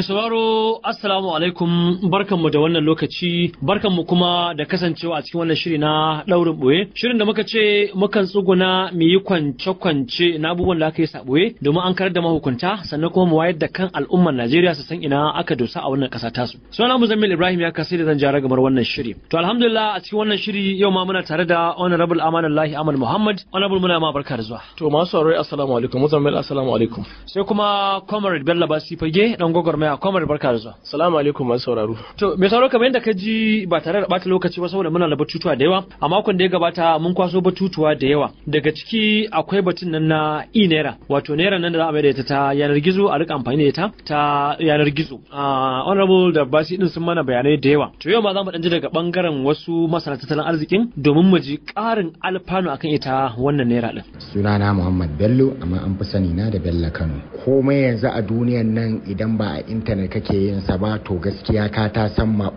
Mai sauraro Assalamu alaikum barkanmu da wannan lokaci barkanmu kuma da kasancewa a cikin wannan shiri na ɗaurin ɓoye. Shirin da muka ce mukan tsuguna mu yi kwance-kwance na abubuwan da aka yi saɓoye domin an karar da mahukunta sannan kuma mu wayar da kan al'ummar Najeriya su san ina aka dosa a wannan ƙasa tasu. Sunana Muzammil Ibrahim ya kasai da zan jara gamar wannan shiri. To alhamdulillah a cikin wannan shiri yau ma muna tare da Honorable Amanullahi Ahmad Muhammad Honorable muna ma barka da zuwa. To masu sauraro Assalamu alaikum Muzammil Assalamu alaikum. Sai kuma Comrade Bello Basi Fage dan gwagwarmaya tambaya kwamar barka da zuwa salamu alaikum masu sauraro to mai sauraro kamar yadda ka ji ba tare da bata lokaci ba saboda muna da batutuwa da yawa a makon da ya gabata mun kwaso batutuwa da yawa daga ciki akwai batun nan na e naira wato naira nan da za a mai da ita ta yanar gizo a rika amfani da ita ta yanar gizo honorable da basi din sun mana bayanai da yawa to yau ma za mu ɗan ji daga bangaren wasu masana tattalin arzikin domin mu ji karin alfanu akan ita wannan naira din sunana muhammad bello amma an fi sani na da bello kano komai yanzu a duniyar nan idan ba a ne kake yin sa ba to gaskiya ka ta san ma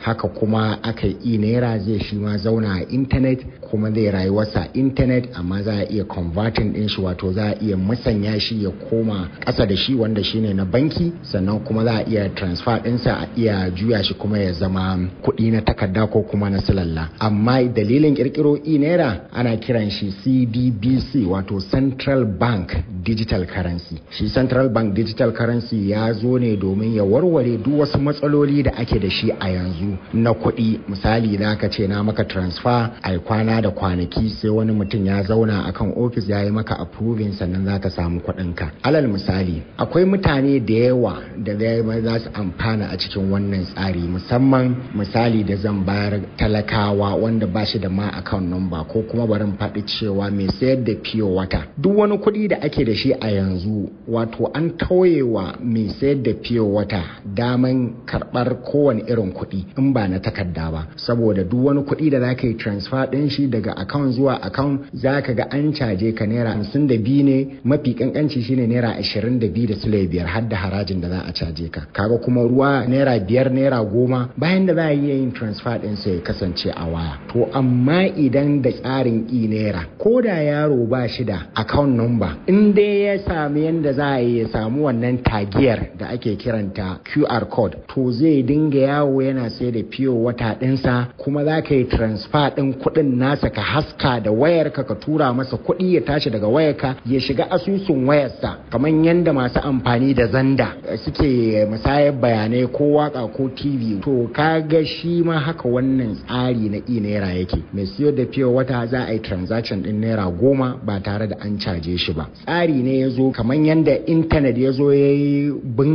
haka kuma aka yi naira zai shi ma zauna a intanet kuma zai rayuwarsa intanet amma za a iya converting din shi wato za a iya musanya shi ya koma ƙasa da shi wanda shine na banki sannan kuma za a iya transfer ɗinsa a iya juya shi kuma ya zama kuɗi na takarda ko kuma na silalla amma dalilin kirkiro e naira ana kiran shi cdbc wato central bank digital currency shi central bank digital currency ya zo ne ne domin ya warware duk wasu matsaloli da ake da shi a yanzu na kuɗi misali na ka ce na maka transfer a kwana da kwanaki sai wani mutum ya zauna a kan ofis ya yi maka approving sannan za ka samu kuɗinka alal misali akwai mutane da yawa da za su amfana a cikin wannan tsari musamman misali da zan bayar talakawa wanda ba shi da ma account number ko kuma barin faɗi cewa mai sayar da piyo wata duk wani kuɗi da ake da shi a yanzu wato an tauyewa mai sayar da fiye wata daman karɓar kowane irin kuɗi in ba na takarda ba saboda duk wani kuɗi da zaka yi transfer ɗin shi daga account zuwa account zaka ga an caje ka naira hamsin da biyu ne mafi kankanci shine naira ashirin da biyu da sule biyar har da harajin da za a caje ka kaga kuma ruwa naira biyar naira goma bayan da za a iya yin transfer ɗin sai ya kasance a waya to amma idan da tsarin e naira ko da yaro ba shi da account number in dai ya sami yadda za a yi ya samu wannan tagiyar da ake kiranta QR code to zai dinga yawo yana sai da fiyo wata ɗinsa kuma za ka yi transfer ɗin kuɗin nasa ka haska da wayar ka ka tura masa kuɗi ya tashi daga wayarka ya shiga asusun wayarsa kamar yadda masu amfani da zanda suke musayar bayanai ko waka ko tv to ka ga shi ma haka wannan tsari na e naira yake mai siyo da fiyo wata za a yi transaction ɗin naira goma ba tare da an caje shi ba tsari ne ya zo kamar yadda intanet ya zo ya yi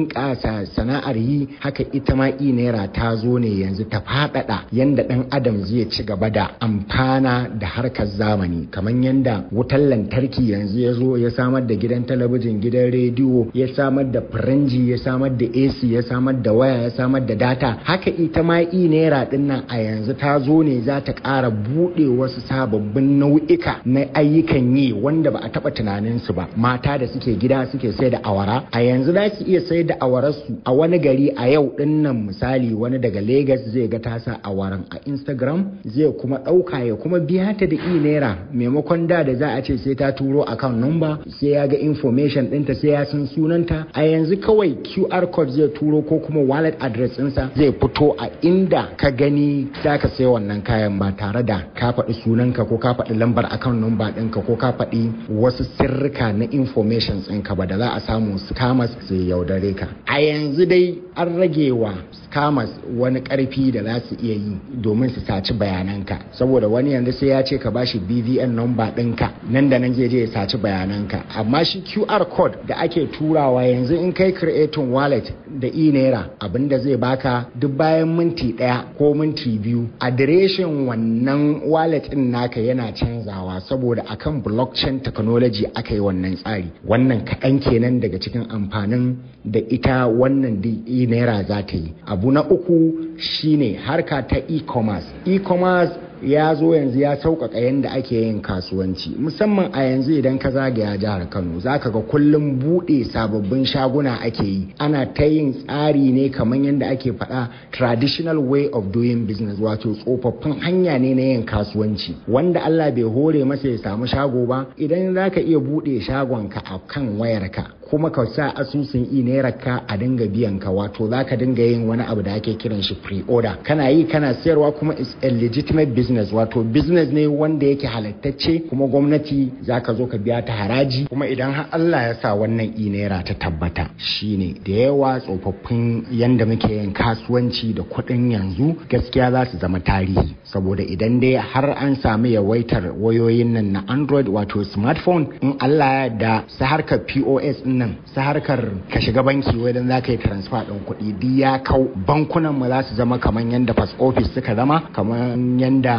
bunƙasa sana'ar yi haka ita ma i naira ta zo ne yanzu ta faɗaɗa yanda ɗan adam zai ci gaba da amfana da harkar zamani kamar yanda wutar lantarki yanzu ya zo ya samar da gidan talabijin gidan rediyo ya samar da firinji ya samar da ac ya samar da waya ya samar da data haka ita ma i naira a yanzu ta zo ne za ta ƙara buɗe wasu sababbin nau'ika na ayyukan yi wanda ba a taɓa tunaninsu ba mata da suke gida suke sai da awara a yanzu za su iya sai da awararsu a wani gari a yau din nan misali wani daga Legas zai ga tasa awaran a Instagram zai kuma ɗauka ya kuma biya ta da i naira maimakon da da za a ce sai ta turo account number sai ya ga information ɗinta sai ya san sunanta a yanzu kawai QR code zai turo ko kuma wallet address ɗinsa zai fito a inda ka gani za ka sai wannan kayan ba tare da ka faɗi sunanka ko ka faɗi lambar account number ɗinka ko ka faɗi wasu sirrika na information ɗinka ba da za a samu scammers su yaudare ka a yanzu dai an rage wa scammers wani karfi da za su iya yi domin su saci bayananka saboda wani yanzu sai ya ce ka bashi bvn number ɗinka nan da nan zai je ya saci bayananka amma shi qr code da ake turawa yanzu in kai creating wallet da e naira abinda zai baka duk bayan minti ɗaya ko minti biyu adireshin wannan wallet ɗin naka yana canzawa saboda akan blockchain technology aka yi wannan tsari wannan kaɗan kenan daga cikin amfanin da ita wannan DE naira za ta yi abu na uku shine harka ta e-commerce e-commerce ya zo yanzu ya sauƙaƙa yadda ake yin kasuwanci musamman a yanzu idan ka zagaya jihar kano za ka ga kullum buɗe sababbin shaguna ake yi ana ta yin tsari ne kamar yadda ake faɗa traditional way of doing business wato tsofaffin hanya ne na yin kasuwanci wanda allah bai hore masa ya samu shago ba idan za ka iya buɗe shagonka a kan wayarka kuma ka sa asusun i naira ka a dinga biyan ka wato za ka dinga yin wani abu da ake kiran shi pre-order kana yi kana sayarwa kuma is a legitimate business wato business ne wanda yake halittacce kuma gwamnati za ka zo ka biya ta haraji kuma idan har Allah ya sa wannan i naira ta tabbata shine da yawa tsofaffin yanda muke yin kasuwanci da kuɗin yanzu gaskiya za su zama tarihi saboda idan dai har an sami yawaitar wayoyin nan na android wato smartphone in Allah ya da su harkar pos din nan sa harkar ka shiga banki wajen za ka yi transfer ɗin kuɗi duk ya kau bankunan mu za su zama kamar yadda fas office suka zama kamar yadda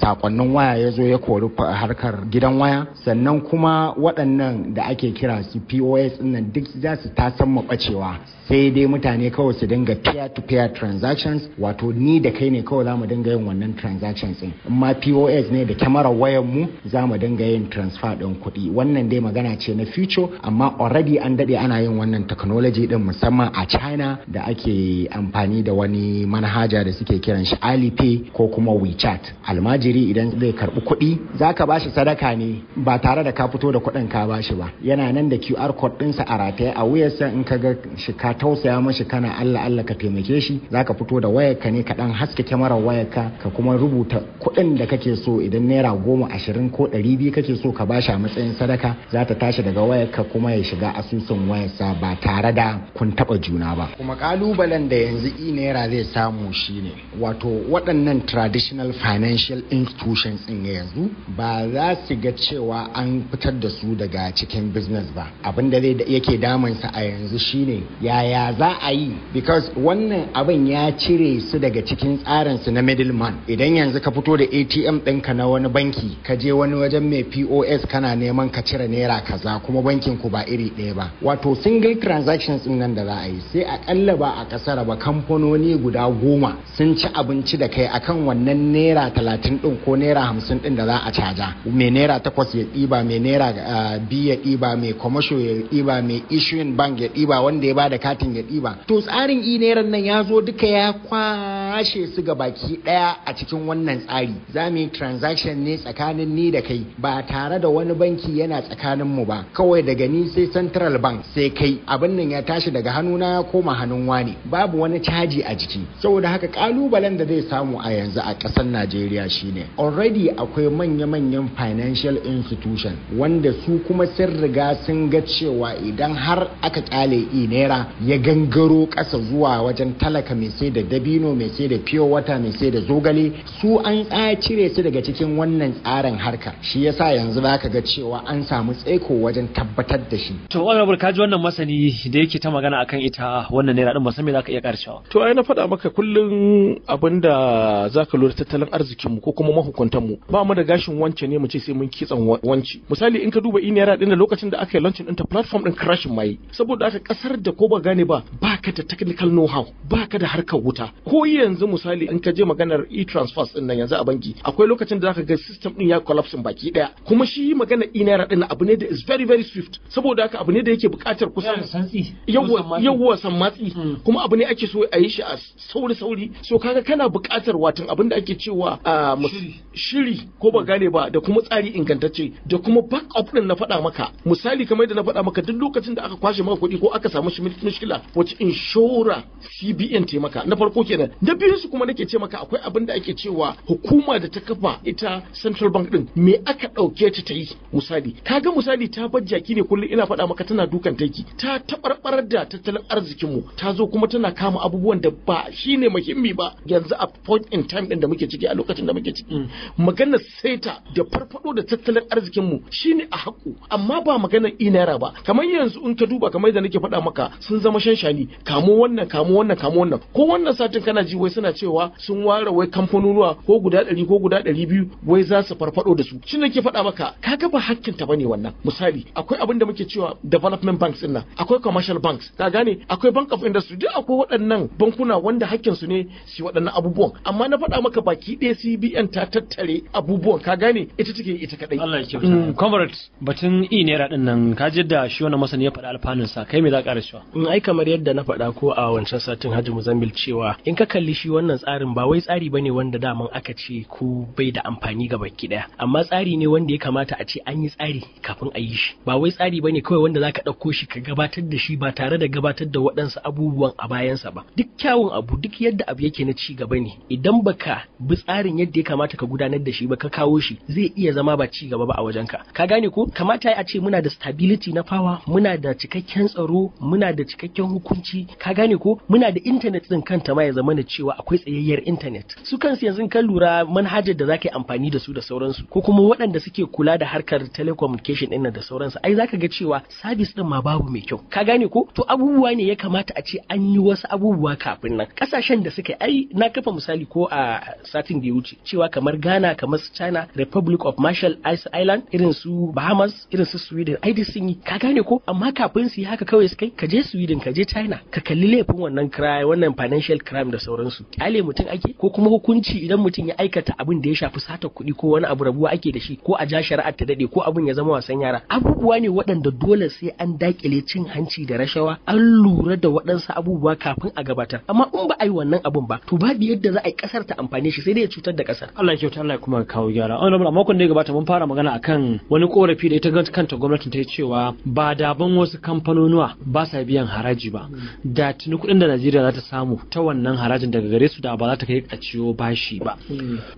sakonnin waya ya zo ya kori harkar gidan waya sannan kuma waɗannan da ake kira su pos nan duk za su tasan maɓacewa sai dai mutane kawai su dinga peer to peer transactions wato ni da kai ne kawai zamu dinga yin wannan transactions din amma POS ne da kyamarar wayar mu zamu dinga yin transfer din kuɗi wannan dai magana ce na future amma already an dade ana yin wannan technology din musamman a China da ake amfani da wani manhaja da suke kiran shi Alipay ko kuma WeChat almajiri idan zai karbi kuɗi zaka bashi sadaka ne ba tare da ka fito da kuɗin ka bashi ba yana nan da QR code ɗinsa a rataye a wuyarsa in ka ga shi tausaya mashi kana Allah Allah ka taimake shi zaka fito da wayarka ne ka dan haske kyamarar wayarka ka kuma rubuta kuɗin da kake so idan naira goma ashirin ko ɗari biyu kake so ka bashi a matsayin sadaka za ta tashi daga wayarka kuma ya shiga asusun wayarsa ba tare da kun taɓa juna ba. Kuma kalubalen da yanzu i naira zai samu shine wato waɗannan traditional financial institutions ɗin yanzu ba za su ga cewa an fitar da su daga cikin business ba abin da yake damansa a yanzu shine ya yaya za a yi because wannan abin ya cire su daga cikin tsarin su na middleman idan yanzu ka fito da atm ɗinka na wani banki ka je wani wajen mai pos kana neman ka cire naira kaza kuma bankin ku ba iri ɗaya ba wato single transactions din nan da za a yi sai akalla ba a kasar ba kamfanoni guda goma sun ci abinci da kai akan wannan naira talatin din ko naira hamsin din da za a caja mai naira takwas ya ɗiba mai naira ah, biyu ya ɗiba mai commercial ya ɗiba mai issuing bank ya ɗiba wanda ya bada katin ya ɗiba to tsarin e nairan nan ya zo duka ya kwashe su ga baki ɗaya a cikin wannan tsari za mu yi transaction ne tsakanin ni da kai ba tare da wani banki yana tsakanin mu ba kawai daga ni sai central bank sai kai abin nan ya tashi daga hannuna ya koma hannun wani babu wani caji a jiki saboda haka kalubalen da zai samu a yanzu a ƙasar najeriya shine already akwai manya-manyan financial institution wanda su kuma sun riga sun ga cewa idan har aka kyale inera naira ya gangaro ƙasa zuwa wajen talaka mai sai da dabino mai sai da fiyo wata mai sai da zogale su an cire su daga cikin wannan tsarin harka shi yasa yanzu ba ga cewa an samu tsaiko wajen tabbatar da shi to honorable ka ji wannan masani da yake ta magana akan ita wannan naira din musamman za ka iya karshewa to ai na faɗa maka kullum abin da za ka lura tattalin arzikin mu ko kuma mahukuntan mu ba mu da gashin wance ne mu ce sai mun kitsan wance. misali in ka duba i naira din da lokacin da aka yi launching din ta platform din crashin mai saboda aka kasar da ko ba gane ba baka da technical know how baka da harkar wuta ko yanzu misali in ka je maganar e-transfers din nan yanzu a banki akwai lokacin da zaka ga system din ya collapse baki daya kuma shi magana e-naira din abu ne da is very very swift saboda haka abu ne da yake bukatar kusan yawwa san matsi hmm. kuma abu ne ake so a yi shi a sauri sauri so kaga kana bukatar watan abin da ake cewa ah, shiri ko ba gane ba da kuma tsari ingantacce da kuma backup din na faɗa maka misali kamar da na faɗa maka duk lokacin da aka kwashe maka kuɗi ko aka samu mushkila wace inshora CBN taimaka na farko kenan na biyu su kuma nake ce maka akwai abin da ake cewa hukuma da ta kafa ita Central Bank din me aka dauke ta ta yi misali kaga misali ta bar ki ne kullum ina faɗa maka tana dukan taki ta tabarbarar da tattalin arzikin mu ta zo kuma tana kama abubuwan da ba shine muhimmi ba yanzu a point in time din da muke ciki a lokacin da muke ciki mm. magana saita da farfado da tattalin arzikin mu shine a haƙu amma ba magana inara ba kamar yanzu in ka duba kamar da nake faɗa maka sun zama zama shanshani kamo wannan kamo wannan kamo wannan ko wannan satin kana ji wai suna cewa sun ware wai kamfanonuwa ko guda ɗari ko guda ɗari biyu wai za su farfado da su shi ne ke faɗa maka kaga ba hakkin ta bane wannan misali akwai abin da muke cewa development banks din nan akwai commercial banks ka gane akwai bank of industry duk akwai waɗannan bankuna wanda hakkin su ne su waɗannan abubuwan amma na faɗa maka baki ɗaya CBN ta tattare abubuwan ka gane ita take ita kadai Allah ya ce mm, comrade batun e naira din nan ka da shi wannan masani ya faɗa alfanun sa kai me za ka ƙara cewa mm, ai kamar yadda na faɗa ko a wancan satin Hajji Muzammil cewa in ka kalli shi wannan tsarin ba wai tsari bane wanda daman aka ce ko bai da amfani ga baki daya amma tsari ne wanda ya kamata a ce an yi tsari kafin a yi shi ba wai tsari bane kawai wanda zaka ɗauko shi ka gabatar da shi ba tare da gabatar da waɗansu abubuwan a bayansa ba duk kyawun abu duk yadda abu yake na ci gaba ne idan baka bi tsarin yadda ya kamata ka gudanar da shi ba ka kawo shi zai iya zama ba ci gaba ba a wajenka ka gane ko kamata a ce muna da stability na fawa muna da cikakken tsaro muna da cikakken cikakken hukunci ka gane ko muna da intanet din kanta ma ya zama na cewa akwai tsayayyar intanet su kansu yanzu kan lura manhajar da zaka yi amfani da su da sauransu ko kuma waɗanda suke kula da harkar telecommunication ɗin da sauransu ai zaka ga cewa sabis din ma babu mai kyau ka gane ko to abubuwa ne ya kamata a ce an yi wasu abubuwa kafin nan kasashen da suka ai na kafa misali ko a satin da ya wuce cewa kamar Ghana kamar China Republic of Marshall Island irin su Bahamas irin su Sweden ai sun yi ka gane ko amma kafin su yi haka kawai su kai ka je Sweden ka je China ka kalli laifin wannan crime wannan financial crime da sauransu kyale mutum ake ko kuma hukunci idan mutum ya aikata abin da ya shafi sata kuɗi ko wani abu rabuwa ake da shi ko a ja shari'ar ta dade ko abin ya zama wasan yara abubuwa ne waɗanda dole sai an dakile cin hanci da rashawa an lura da waɗansu abubuwa kafin a gabatar amma in ba a yi wannan abun ba to babu yadda za a yi ƙasar ta amfane shi sai dai ya cutar da ƙasar Allah ya kyauta Allah ya kuma kawo gyara a makon da ya gabata mun fara magana akan wani korafi da ita kanta gwamnatin ta yi cewa ba daban wasu kamfanonuwa ba sa biyan ha haraji ba da tuni kuɗin da Najeriya za ta samu ta wannan harajin daga gare su da ba za ta kai a ciwo bashi ba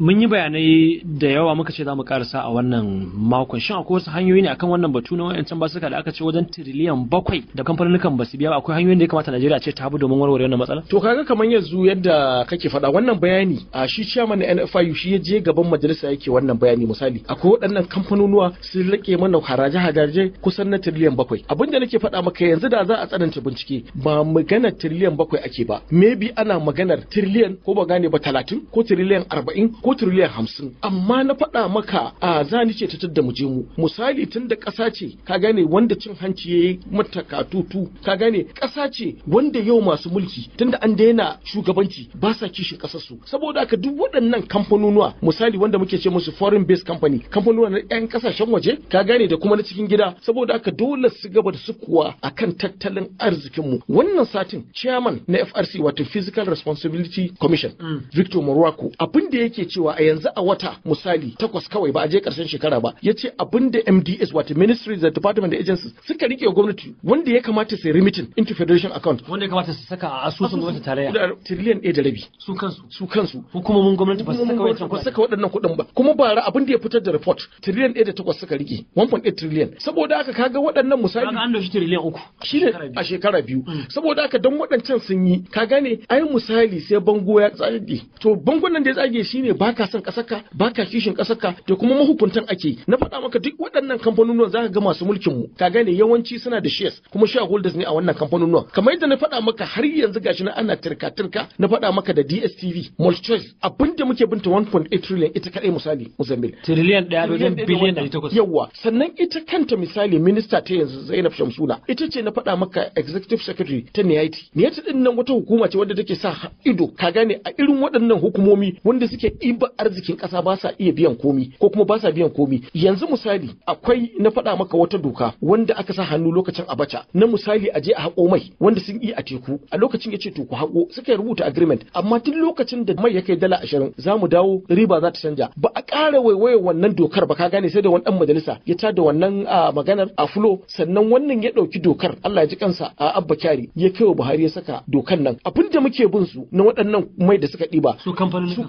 mun yi bayanai da yawa muka ce za mu karasa a wannan makon shin akwai wasu hanyoyi ne akan wannan batu na wayancan suka da aka ce wajen tiriliyan bakwai da kamfanonukan su biya akwai hanyoyin da ya kamata Najeriya ce ta bi domin warware wannan matsala to kaga kamar yanzu yadda kake faɗa wannan bayani a shi chairman na NFIU shi ya je gaban majalisa yake wannan bayani misali akwai waɗannan kamfanonuwa sun rike mana haraje-haraje kusan na tiriliyan bakwai abinda nake faɗa maka yanzu da za a tsananta bincike ba magana tiriliyan bakwai ake ba maybe ana maganar tiriliyan ko ba gane ba talatin ko tiriliyan arba'in ko tiriliyan hamsin amma na faɗa maka a zani ce ta da mu je mu misali tun da ƙasa ce ka gane wanda cin hanci ya yi mata katutu ka gane ƙasa ce wanda yau masu mulki tun da an daina shugabanci ba sa kishin su, saboda haka duk waɗannan kamfanonuwa misali wanda muke ce musu foreign based company kamfanonuwa na 'yan ƙasashen waje ka gane da kuma na cikin gida saboda haka dole su gaba da sukuwa akan tattalin arziki arzikinmu wannan satin chairman na FRC wato Physical Responsibility Commission mm. Victor Morwako abin da yake cewa a yanzu a wata misali takwas kawai ba a je karshen shekara ba yace abin da MDS wato ministry of Department da Agencies suka rike gwamnati wanda ya kamata su remitting into federation account wanda ya kamata su saka a asusun gwamnati tarayya trillion ɗaya da rabi su kansu su kansu hukumomin gwamnati ba su saka wancan ba saka waɗannan kuɗin ba kuma bara abin da ya fitar da report trillion ɗaya da takwas suka rike 1.8 trillion saboda haka kaga waɗannan misali an doshi trillion uku shine a shekara shekara biyu mm. saboda haka don waɗancan sun yi ka gane ai misali sai bango ya tsage to bangon nan da ya tsage shine baka son kasaka baka kishin kasaka da kuma mahukuntan ake na faɗa maka duk waɗannan kamfanonuwan zaka ga masu mulkin mu ka gane yawanci suna da shares kuma shareholders ne a wannan kamfanonuwan kamar yadda na faɗa maka har yanzu gashi na ana tirka tirka na faɗa maka da DSTV mulchoice abinda muke binta 1.8 trillion ita kaɗai misali Mozambique trillion ɗaya wajen biliyan yawa sannan ita kanta misali minista ta yanzu Zainab Shamsuna ita ce na faɗa maka executive secretary ta niyaiti niyaiti din nan wata hukuma ce wadda take sa ido ka gane a irin waɗannan hukumomi wanda suke ɗiba arzikin ƙasa ba sa iya biyan komi ko kuma ba sa biyan komi yanzu misali akwai na faɗa maka wata doka wanda aka sa hannu lokacin abacha na misali a je a haƙo mai wanda sun yi a teku a lokacin ya ce to ku haƙo suka rubuta agreement amma tun lokacin da mai ya kai dala ashirin za mu dawo riba za ta canja ba a ƙara waiwaye wannan dokar ba ka gane sai da wani ɗan majalisa ya tada wannan ah, maganar a fulo sannan wannan ya ɗauki dokar Allah ya ji kansa a Abba Kyari ya kai wa Buhari ya saka dokan nan abin da muke bin su na waɗannan mai da suka ɗiba su kamfanin su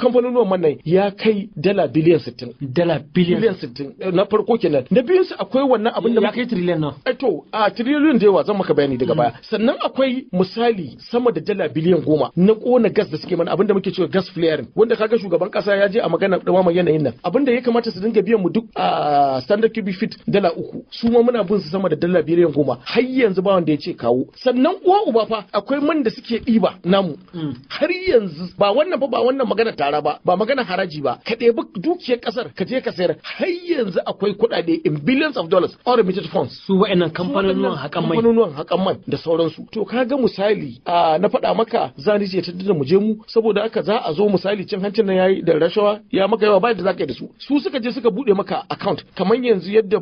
nan ya kai dala biliyan 60 dala biliyan 60 eh, na farko kenan na biyun su akwai wannan abin da ya kai trillion nan eh, to a trillion da yawa zan maka bayani daga hmm. baya sannan akwai misali sama da dala biliyan 10 na kona gas da suke mana abin da muke cewa gas flaring wanda kaga shugaban kasa ya je a magana da dumama yanayin nan abin da ya kamata su dinga biyan mu duk a standard cubic feet dala uku su ma muna bin su sama da dala biliyan goma har yanzu ba wanda ya ce kawo sannan uwa uba fa akwai man da suke ɗiba namu hmm. har yanzu ba wannan ba ba wannan magana tara ba ba magana haraji ba ka ɗebi dukiyar kasar ka je ka sayar har yanzu akwai kuɗaɗe in billions of dollars or remitted funds su wa'annan kamfanonuwan haƙan mai kamfanonuwan haƙan mai da sauransu to ka ga misali a na faɗa maka zani ce ta da mu je mu saboda haka za a zo misali cin hancin nan yayi da rashawa ya maka yawa ba da zaka yi da su su suka je suka buɗe maka account kamar yanzu yadda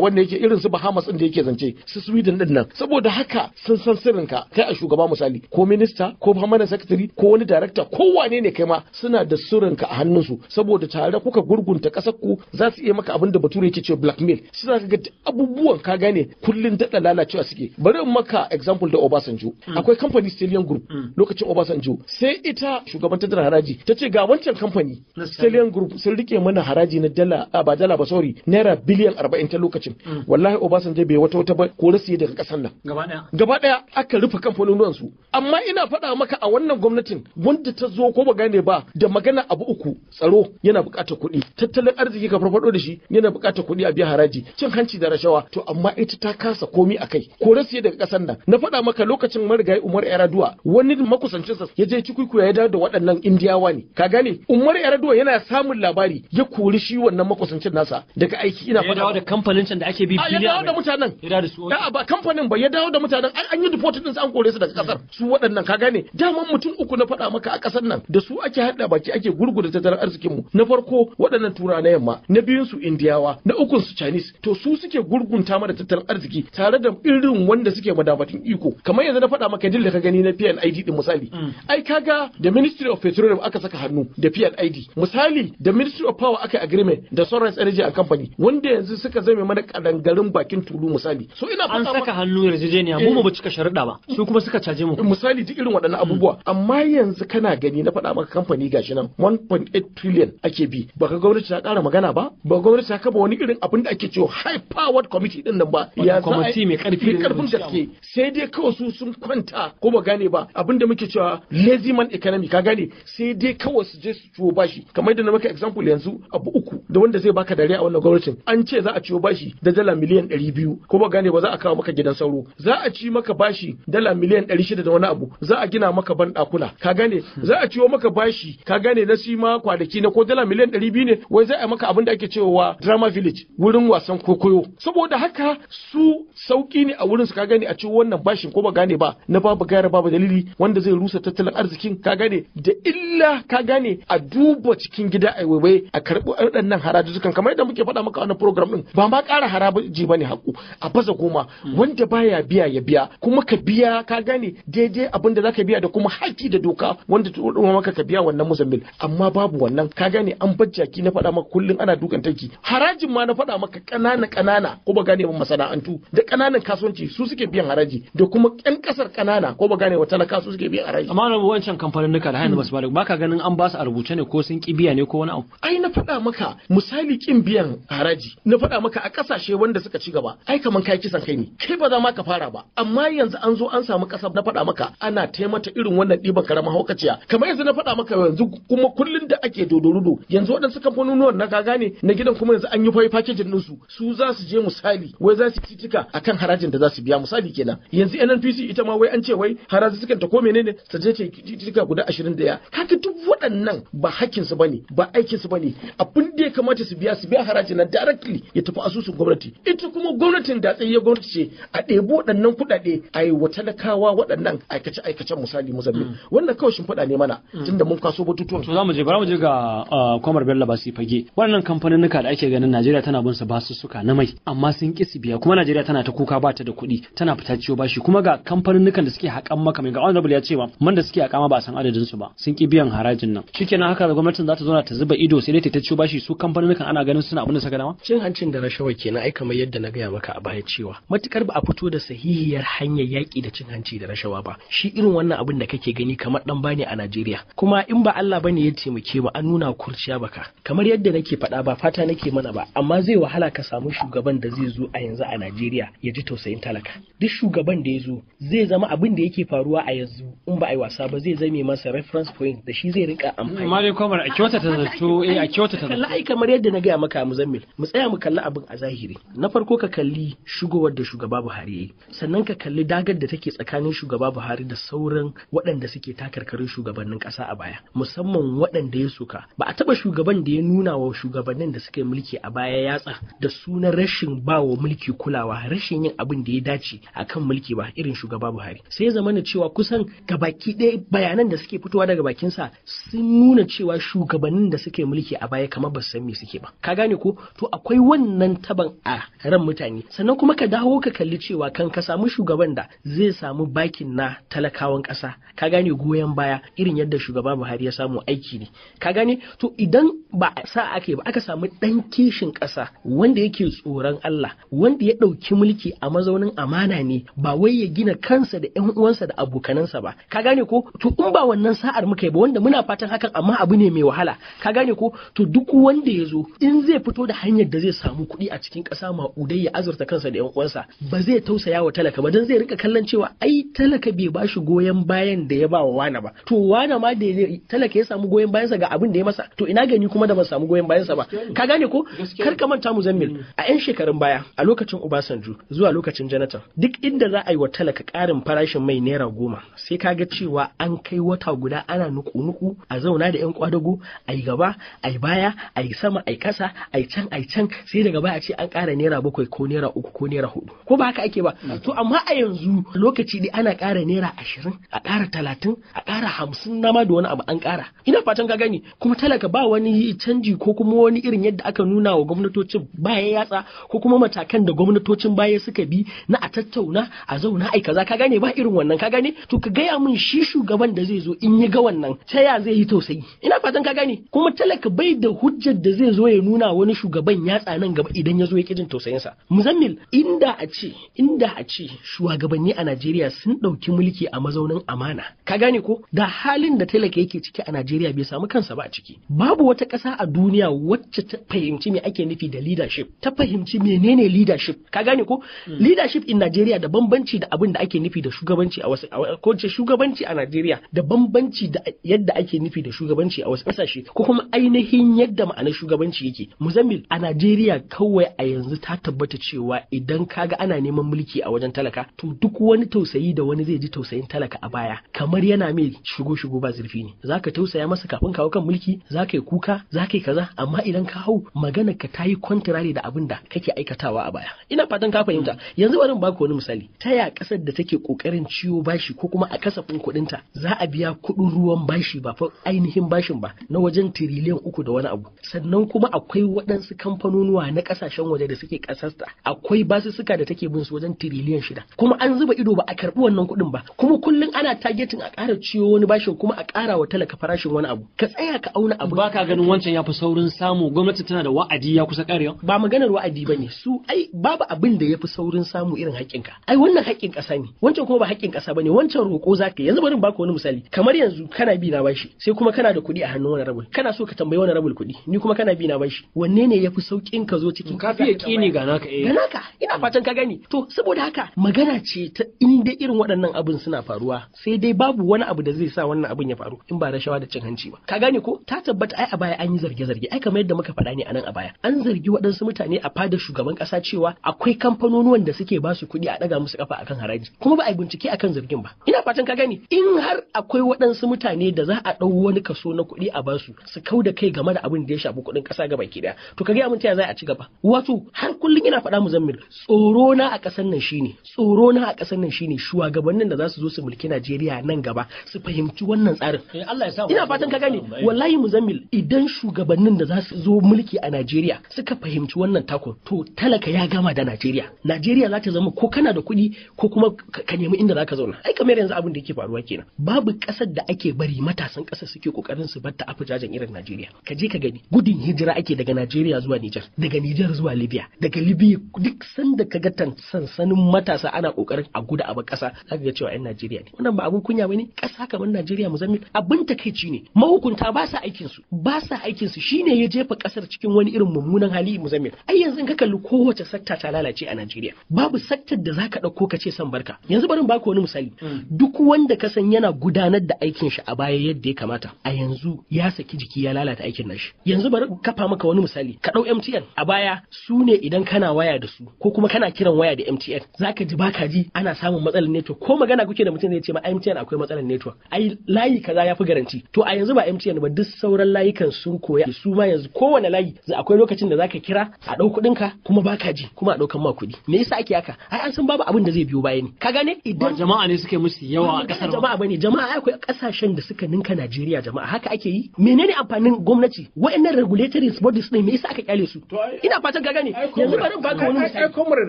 wanda yake irin su Bahamas din da yake zance su Sweden din nan saboda haka sun san sirrinka kai a shugaba misali ko minista ko famana sakatari ko wani darakta ko wane ne kai ma suna da ka a hannunsu saboda tare kuka gurgunta kasar ku za su iya maka abin da bature yake cewa blackmail shi za ka ga abubuwan ka gane kullun dada lalacewa suke bari in maka example da Obasanjo hmm. akwai company Stellion Group hmm. lokacin Obasanjo sai ita shugaban tattara haraji ta ce ga wancan company Stellion Group sun rike mana haraji na dala ba dala ba sorry naira biliyan 40 ta lokacin hmm. wallahi Obasanjo bai wata wata ba ko rasiye daga kasar nan gaba gaba ɗaya aka rufe kamfanin su amma ina faɗa maka a wannan gwamnatin wanda ta zo ko ba gane ba da magana abu uku tsaro yana buƙatar kuɗi tattalin arziki ka farfaɗo da shi yana buƙatar kuɗi a biya haraji cin hanci da rashawa to amma ita ta kasa komi a kai ko rasiye daga ƙasar nan na faɗa maka lokacin marigayi Umar Yaraduwa wani makusancinsa ya je cikuikuya ya dawo da waɗannan Indiyawa ne ka gane Umar Yaraduwa yana samun labari ya kori shi wannan makusancin nasa daga aiki ina faɗa da kamfanin can da ake bi ya dawo da mutanen ya dawo da su ba kamfanin ba ya dawo da mutanen an yi deport din an kore su daga kasar su waɗannan ka gane dama mutum uku na faɗa maka a kasar nan da su ake haɗa baki ake gurgurda tattalin arzikin mu na farko waɗannan tura na yamma na biyun su indiyawa na ukun su chinese to su suke gurgunta mana tattalin arziki tare da irin wanda suke madafatin iko kamar yanzu na faɗa maka dil ka gani na PNID din misali mm. ai kaga da Ministry of Petroleum aka saka hannu da PNID misali da Ministry of Power aka agreement da Sunrise Energy and Company wanda yanzu suka zame mana kadangarin bakin tulu misali so ina an saka hannu yarjejeniya mu mu cika sharuɗa ba su kuma suka caje mu misali duk irin waɗannan abubuwa amma yanzu kana gani na faɗa maka kamfani gashi nan 1.8 trillion ake bi baka gwamnati ta ƙara magana ba ba gwamnati ta kaba wani irin abin da ake cewa high powered committee din nan ba ya committee mai karfi karfin gaske sai dai kawai su sun kwanta ko ba gane ba abin da muke cewa lazy man economy ka gane sai dai kawai su je su ciwo bashi kamar da na maka example yanzu abu uku da wanda zai baka dare a wannan gwamnatin an ce za a ciwo bashi da dala miliyan 200 ko ba gane ba za a kawo maka gidan sauro za a ci maka bashi dala miliyan ɗari shida da wani abu za a gina maka ban ɗakuna ka gane hmm. za a ciwo maka bashi ka gane na shi ma kwanaki na ko dala miliyan ɗari biyu ne wai za a maka abin da ake cewa drama village wurin wasan kokoyo saboda haka su sauki ne a wurin su ka gane a ciwo wannan bashin ko ba gane ba na babu gaira babu dalili wanda zai rusa tattalin arzikin ka gane da illa ka gane a duba cikin gida a waiwai a karɓi waɗannan harajujukan kamar yadda muke faɗa maka wannan program ɗin ba ma ƙara haraji ba ne haƙu a baza goma hmm. wanda baya biya ya biya kuma ka biya ka gane daidai abin da zaka biya da kuma haƙƙi da doka wanda ta maka ka biya wannan musamman amma babu wannan ka gane an bar ki na faɗa maka kullum ana dukan tanki harajin ma na faɗa maka ƙanana ƙanana ko ba gane ba masana'antu da ƙananan kasuwanci su suke biyan haraji da kuma ƴan ƙasar ƙanana ko ba gane wa talaka su suke biyan haraji amma wancan kamfanin nuka da hanyar basu ba ba ka ganin an ba su a rubuce ne ko sun ƙi biya ne ko wani abu ai na faɗa maka misali ƙin biyan haraji na faɗa maka a ƙasashe wanda suka ci gaba ai kaman yi kisan kai ne kai ba za ma ka fara ba amma amma yanzu an zo an samu kasa na faɗa maka ana taimata irin wannan ɗiban karamar haukaciya kamar yanzu na faɗa maka yanzu kuma kullun da ake dodorudo yanzu waɗansu kamfanonuwan na ka gane. na gidan kuma yanzu an yi fai fakejin ɗinsu su za su je misali wai za su titika akan harajin da za su biya misali kenan yanzu NNPC ita ma wai an ce wai haraji sukan ta ko menene ta je titika guda ashirin da ya duk waɗannan ba hakkin su bane ba aikinsu ba ne abin da ya kamata su biya su biya harajin na directly ya tafi asusun gwamnati ita kuma gwamnatin da tsaye gwamnati ce a ɗebi waɗannan kuɗaɗe daɗe a yi talakawa waɗannan aikace aikace misali musamman. Mm. wannan kawai shin faɗa ne mana mm. tunda mun kaso batutuwan to zamu je bara mu je ga uh, Kwamar Bello Basi Fage waɗannan kamfaninnuka da ake ganin Najeriya tana bin su suka na mai amma sun ƙi su biya kuma Najeriya tana ta kuka ba ta da kuɗi tana fita ciwo bashi kuma ga kamfaninnukan da suke haƙan maka mai ga honorable ya ce ma man da suke haƙama ba ba san adadin su ba sun ƙi biyan harajin nan shikenan haka gwamnatin za ta zo ta zuba ido sai dai ta ciwo bashi su kamfaninnukan ana ganin suna abin da cin hancin da rashawa kenan ai kamar yadda na gaya maka a baya cewa matukar ba a fito da sahihiyar hanyar yaƙi da cin hanci da rashawa ba shi irin wannan abin da kake gani kamar dan bane a Najeriya kuma in ba Allah bane ya taimake mu an nuna kurciya baka kamar yadda nake faɗa ba fata nake mana ba amma zai wahala ka samu shugaban da zai zo a yanzu a Najeriya ya ji tausayin talaka duk shugaban da ya zo zai zama abin da yake faruwa a yanzu in ba a wasa ba zai zame masa reference point da shi zai rika amfani amma dai kamar a kyauta ta zato eh a kyauta ta zato ai kamar yadda na gaya maka Muzammil mu tsaya mu kalli abin a zahiri na farko ka kalli shugowar da shugaba Buhari yayi sannan ka kalli dagar da take tsakanin shugaba Buhari da sauran waɗanda suke takarkarin shugabannin ƙasa a baya musamman waɗanda ya suka ba a taɓa shugaban da ya nuna wa shugabannin da suka mulki a baya yatsa da sunan rashin ba mulki kulawa rashin yin abin da ya dace akan mulki ba irin shugaba Buhari sai ya zama cewa kusan gabaki ɗaya bayanan da suke fitowa daga bakinsa sun nuna cewa shugabannin da suke mulki a baya kamar ba san me suke ba ka gane ko to akwai wannan taban a ran mutane sannan kuma ka dawo ka kalli cewa kan ka samu shugaban da zai samu bakin na talakawan ƙasa ka gane goyon baya irin yadda shugaba Buhari ya samu aiki ne ka gane to idan ba sa aka yi ba aka samu ɗan kishin kasa. wanda yake tsoron Allah wanda ya ɗauki mulki a mazaunin amana ne ba wai ya gina kansa da 'yan uwansa da abokanansa ba ka gane ko to in ba wannan sa'ar muka yi ba wanda muna fatan hakan amma abu ne mai wahala ka gane ko to duk wanda ya zo in zai fito da hanyar da zai samu kuɗi a cikin ƙasa ma'udai ya azurta kansa da ƴan uwansa ba zai tausaya wa talaka ba Idan zai rika kallon cewa ai talaka bai ba shi goyon bayan da ya ba wa wana ba to wane ma da talaka ya samu goyon bayansa ga abin da ya masa to ina gani kuma da ban samu goyon bayansa ba ka gane ko kar ka manta mu zammil mm. a yan shekarun baya a lokacin Ubasanju zuwa lokacin Janatar duk inda za a yi wa talaka karin farashin mai naira goma sai ka ga cewa an kai wata guda ana nuku-nuku a zauna da yan kwadago a yi gaba a yi baya a yi sama a yi kasa a yi can a yi can sai daga baya a ce an kara naira bakwai ko naira uku ko naira hudu ko ba haka ake ba mm. to amma a yanzu lokaci dai ana ƙara naira ashirin a ƙara talatin a ƙara hamsin na ma da wani abu an ƙara ina fatan ka gani kuma talaka ba wani canji ko kuma wani irin yadda aka nuna wa gwamnatocin baya yatsa ko kuma matakan da gwamnatocin baya suka bi na a tattauna a zauna ai kaza ka gane ba irin wannan ka gane to ka gaya min shi shugaban da zai zo in ya ga wannan ta ya zai yi tausayi ina fatan ka gane kuma talaka bai da hujjar da zai zo ya nuna wani shugaban yatsa nan gaba idan ya zo ya kijin tausayinsa muzammil inda a ce inda a ce shugabanni a Najeriya sun ɗauki mulki a mazaunin amana. Ka gane ko da halin da talaka yake ciki a Najeriya bai samu kansa ba a ciki. Babu wata ƙasa a duniya wacce ta fahimci me ake nufi da leadership, ta fahimci menene leadership. Ka gane ko mm. leadership in Najeriya da bambanci da abin da ake nufi da shugabanci a wasu ko ce shugabanci a Najeriya da bambanci da yadda ake nufi da shugabanci a wasu ƙasashe ko kuma ainihin yadda ma'anar shugabanci yake. Muzammil a Najeriya kawai a yanzu ta tabbata cewa idan kaga ana neman mulki a wajen talaka to duk wani tausayi da wani zai ji tausayin talaka a baya kamar yana mai shigo shigo ba zurfi ne zaka tausaya masa kafin kawo kan mulki zaka yi kuka zaka yi kaza amma idan ka hau magana ka tayi contrary da abin da kake aikatawa a baya ina fatan ka fahimta yanzu bari in baka wani misali ta ya kasar da take kokarin ciwo bashi ko kuma a kasafin kuɗin ta za a biya kuɗin ruwan bashi ba fa ainihin bashin ba na wajen tiriliyan uku da wani abu sannan kuma akwai waɗansu kamfanonuwa na ƙasashen waje da suke ƙasarta akwai basussuka da take bin su wajen tiriliyan shida kuma an zuba ido ba a karɓi wannan kuɗin ba kuma kullum ana targeting a ƙara ciwo wani bashin kuma a ƙara wa talaka farashin wani abu ka tsaya ka auna abu ba ka ganin wancan ya fi saurin samu gwamnati tana da wa'adi ya kusa ƙarewa ba maganar wa'adi ba ne su ai babu abin da ya fi saurin samu irin haƙƙinka ai wannan haƙƙin ƙasa ne wancan kuma ba haƙƙin ƙasa ba ne wancan roƙo za ka yanzu bari baka wani misali kamar yanzu kana bi na bashi sai kuma kana da kuɗi a hannun wani rabul kana so ka tambayi wani rabul kuɗi ni kuma kana bi na bashi wanne ne ya fi sauƙin ka zo cikin ka fiye ƙini ga eh. ga naka ina fatan ka gani to saboda haka magana magana ce ta inda irin waɗannan abin suna faruwa sai dai babu wani abu da zai sa wannan abin ya faru in ba rashawa da cin hanci ba ka gane ko ta tabbata ai a baya an yi zarge-zarge ai kamar yadda muka faɗa ne a nan a baya an zargi waɗansu mutane a fadar shugaban ƙasa cewa akwai kamfanonuwan da suke ba su kuɗi a ɗaga musu kafa akan haraji kuma ba a yi bincike akan zargin ba ina fatan ka gane in har akwai waɗansu mutane da za a ɗau wani kaso na kuɗi a basu su kau da kai game da abin da ya shafi kuɗin ƙasa gaba ki daya to ka gaya mun ta za a ci gaba wato har kullum ina faɗa zammil tsoro na a ƙasar nan shine tsoro tsoro a ƙasar nan shine shugabannin da za su zo su mulki Najeriya nan gaba su fahimci wannan tsarin eh, ina fatan ka gane wallahi muzammil idan shugabannin da za su zo mulki a Najeriya suka fahimci wannan takon to talaka ya gama da Najeriya Najeriya za ta zama ko kana da kuɗi ko kuma ka nemi inda za ka zauna ai kamar yanzu abin da yake faruwa kenan babu ƙasar da ake bari matasan ƙasar suke ƙoƙarin su batta afujajen irin Najeriya ka je ka gani gudun hijira ake daga Najeriya zuwa Nijar daga Nijar zuwa Libya daga Libya duk sanda ka ga sansanin matasa ana kokarin a guda a kasa zaka ga cewa yan Najeriya ne wannan ba abun kunya bane kasa kamar Najeriya muzammil abin takeici ne mahukunta ba sa aikin su ba sa aikin su shine ya jefa kasar cikin wani irin mummunan hali muzammil ai yanzu ka kalli kowace sakta ta lalace a Najeriya babu saktar da zaka dauko ka ce san barka yanzu barin baka wani misali hmm. duk wanda ka san yana gudanar da aikin shi a baya yadda ya kamata a yanzu ya saki jiki ya lalata aikin nashi yanzu bari kafa maka wani misali ka dau MTN a baya su ne idan kana waya da su ko kuma kana kiran waya da MTN zaka ji ba baka ji ana samun matsalar network ko magana kuke da mutum zai ce ma MTN akwai matsalar network ai layi kaza yafi garanti to a yanzu ba MTN ba duk sauran layukan sun koya su ma yanzu kowane layi za akwai lokacin da zaka kira a dau kuɗin ka kuma baka ji kuma a daukan ma kuɗi me yasa ake haka ai an san babu abin da zai biyo baya ne ka gane idan jama'a ne suke musu yawa a kasar jama'a bane jama'a akwai kasashen da suka ninka Najeriya jama'a haka ake yi menene amfanin gwamnati wa'annan regulatory bodies ne me yasa aka kyale su ina fatan ka gane yanzu bari baka wani ai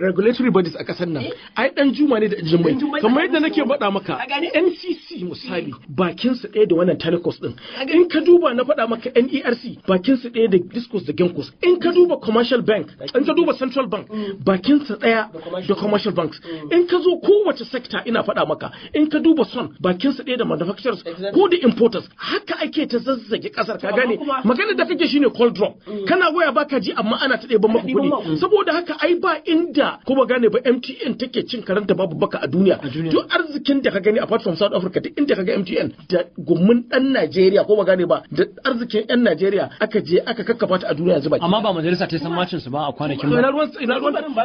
regulatory bodies a kasar nan eh? ai dan juma ne da jimmai kamar yadda nake faɗa maka NCC misali mm. bakin su ɗaya da wannan Telecos din in ka duba na faɗa maka NERC bakin su ɗaya da Discos da Gencos in ka duba Commercial Bank in ka duba Central Bank mm. bakin su ɗaya da Commercial Banks mm. in ka zo kowace sector ina faɗa maka in ka duba son bakin su ɗaya da manufacturers ko da importers haka ake ta zazzage kasar ka gane magana da kake shine cold drop kana waya baka ji amma ana ta ɗaya ban maka kuɗi saboda haka ai ba inda ko ba gane ba MTN take cin cin karanta babu baka a duniya duk arzikin da ka gani apart from South Africa duk inda ka ga MTN da gumin dan Najeriya ko ba gane ba da arzikin yan Najeriya aka je aka kakkafa ta a duniya yanzu baki amma ba majalisa ta san macin su ba a kwanakin ba ina ruwan ina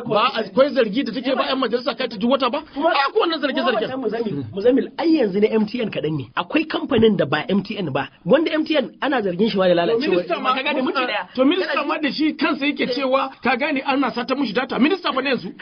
ba akwai zargi da take ba yan majalisa kai ta ji wata ba ai ko wannan zargi zargi muzamil ai yanzu ne MTN kadan ne akwai kamfanin da ba MTN ba wanda MTN ana zargin shi ma da lalacewa ka gane mutum daya to minista ma da shi kansa yake cewa ka gane ana sata mushi data minista fa ne yanzu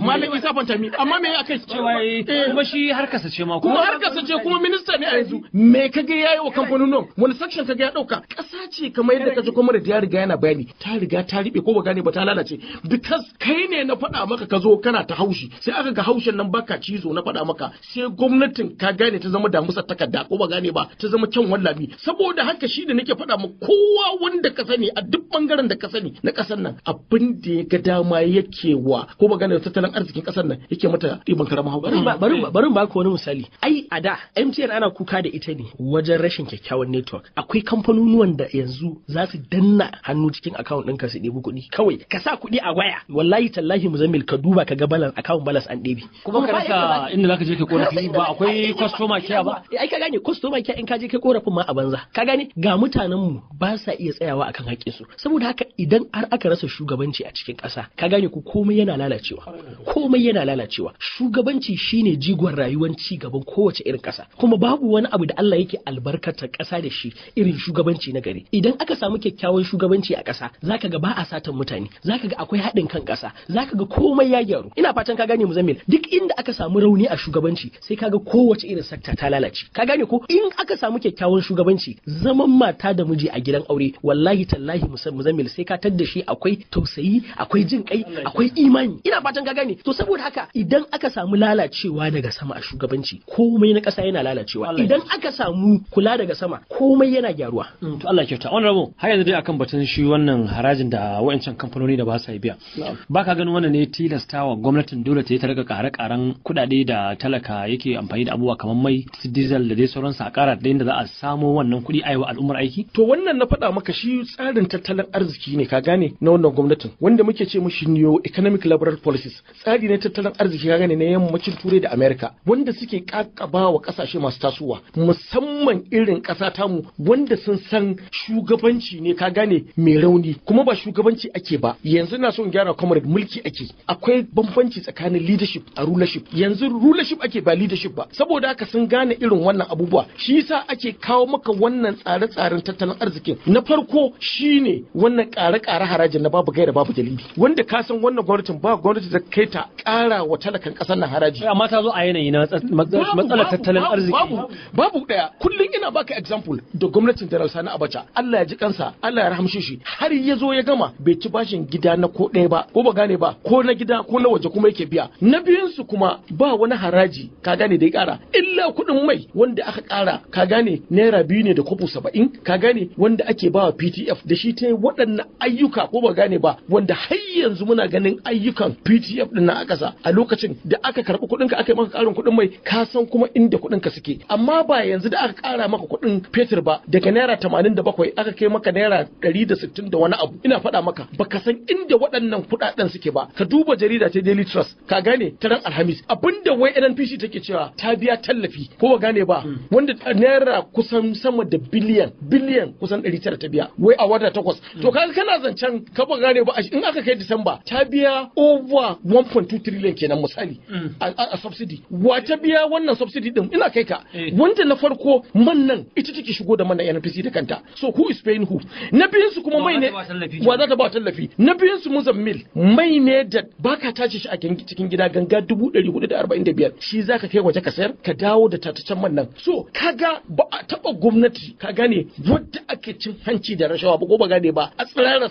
malami safanta mi amma me aka ce eh. kuma shi harkarsa ce ma kuma harkarsa ce kuma minista ne a yanzu me kage yayi wa kamfanin kamfanonin wani section kage ya dauka kasa ce kamar yadda kaje kuma da ya riga yana bayani ta riga ta ribe ko ba gane ba ta lalace because kai ne na faɗa maka ka zo kana ta haushi sai aka ga haushin nan baka cizo na faɗa maka sai gwamnatin ka gane ta zama damusa takarda ko ba gane ba ta zama kyan wallabi saboda haka shi da nake faɗa ma kowa wanda ka sani a duk bangaren da ka sani na ƙasar nan abin da ya ga dama yake wa ko ba gane tattalin arzikin ƙasar nan yake mata ɗiban karamar hau bari bari ba ku wani misali ai a da MTN ana kuka da ita ne wajen rashin kyakkyawan network akwai kamfanonuwan da yanzu za su danna hannu cikin account ɗinka su ɗebi kuɗi kawai ka sa kuɗi a waya wallahi tallahi muzammil ka duba ka ga balance account balance an ɗebi kuma ka rasa inda zaka je ka korafi ba akwai customer care ba eh, ai ka gane customer care in ka je ka korafin ma a banza ka gane ga mutanen mu ba sa iya tsayawa akan haƙƙin su saboda haka idan har aka rasa shugabanci a cikin ƙasa ka gane ku komai yana lalacewa komai yana lalacewa cewa shugabanci shine jigon rayuwar ci gaban kowace irin ƙasa kuma babu wani abu da Allah yake albarkata ƙasa da shi irin shugabanci na gari idan aka samu kyakkyawan shugabanci a ƙasa zaka ga ba a satan mutane zaka ga akwai haɗin kan ƙasa zaka ga komai ya gyaru ina fatan ka gane muzammil duk inda aka samu rauni a shugabanci sai kaga kowace irin sakta ta lalace ka gane ko in aka samu kyakkyawan shugabanci zaman mata da miji a gidan aure wallahi tallahi muzammil sai ka tadda shi akwai tausayi akwai jin kai akwai imani ina fatan ka gane to saboda haka idan idan aka samu lalacewa daga sama a shugabanci komai na kasa yana lalacewa idan aka samu kula daga sama komai yana gyaruwa mm, to Allah kyauta honorable har yanzu dai akan batun shi wannan harajin da wayancan kamfanoni da ba sa biya baka ganin wannan ne tilastawa gwamnatin dole ta yi ta rika kare ƙaren kuɗaɗe da talaka yake amfani da abubuwa kamar mai diesel da dai sauran a ƙara da yadda za a samo wannan kuɗi a wa al'ummar aiki to wannan na faɗa maka shi tsarin tattalin arziki ne ka gane na wannan gwamnatin wanda muke ce mushi new economic liberal policies tsari ne tattalin arziki shiga gani na yammacin turai da amerika wanda suke kakaba wa kasashe masu tasowa musamman irin kasa tamu wanda sun san shugabanci ne ka gane mai rauni kuma ba shugabanci ake ba yanzu na son gyara comrade mulki ake akwai bambanci tsakanin leadership a rulership yanzu rulership ake ba leadership ba saboda haka sun gane irin wannan abubuwa shi yasa ake kawo maka wannan tsare-tsaren tattalin arzikin na farko shine wannan ƙare-ƙare harajin na babu gaira babu dalili wanda ka san wannan gwamnatin ba gwamnati da kai ta ƙara wa talakan ƙasar nan haraji amma ta zo a yanayi na matsalar tattalin arziki babu babu daya kullum ina baka example da gwamnatin rausa na Abacha Allah ya ji kansa Allah ya rahamshe shi har ya zo ya gama bai ci bashin gida na ko ɗaya ba ko ba gane ba ko na gida ko na waje kuma yake biya na biyun su kuma ba wani haraji ka gane da ya ƙara illa kuɗin mai wanda aka kara ka gane naira biyu ne da kofu saba'in ka gane wanda ake bawa PTF da shi ta waɗannan ayyuka ko ba gane ba wanda har yanzu muna ganin ayyukan PTF ɗin na a ƙasa a lokacin lokacin da aka karɓi kuɗin ka aka yi maka ƙarin kuɗin mai ka san kuma inda kuɗin ka suke amma ba yanzu da aka ƙara maka kuɗin fetur ba daga naira tamanin da bakwai aka kai maka naira ɗari da sittin da wani abu ina faɗa maka baka san inda waɗannan kuɗaɗen suke ba ka duba jarida ta Daily Trust ka gane ta ran Alhamis da wai NNPC take cewa ta biya tallafi ko ba gane ba hmm. wanda naira kusan sama da biliyan biliyan kusan ɗari tara ta biya wai a wata takwas to hmm. kaga kana zancen ka ba gane ba in aka kai Disamba ta biya over 1.2 trillion kenan misali mm. a subsidy Wata biya wannan subsidy din ina kai ka eh. wanda na farko man nan ita take shigo da mana NPC da kanta so who is paying who na biyan su kuma mai ne wa za ta ba tallafi na biyan su mai ne da baka tace shi a cikin gida ganga 1445 shi zaka kai waje ka sayar ka dawo da tataccen man nan so kaga ba a taba gwamnati ka gane wadda ake cin hanci da rashawa ba ko ba gane ba a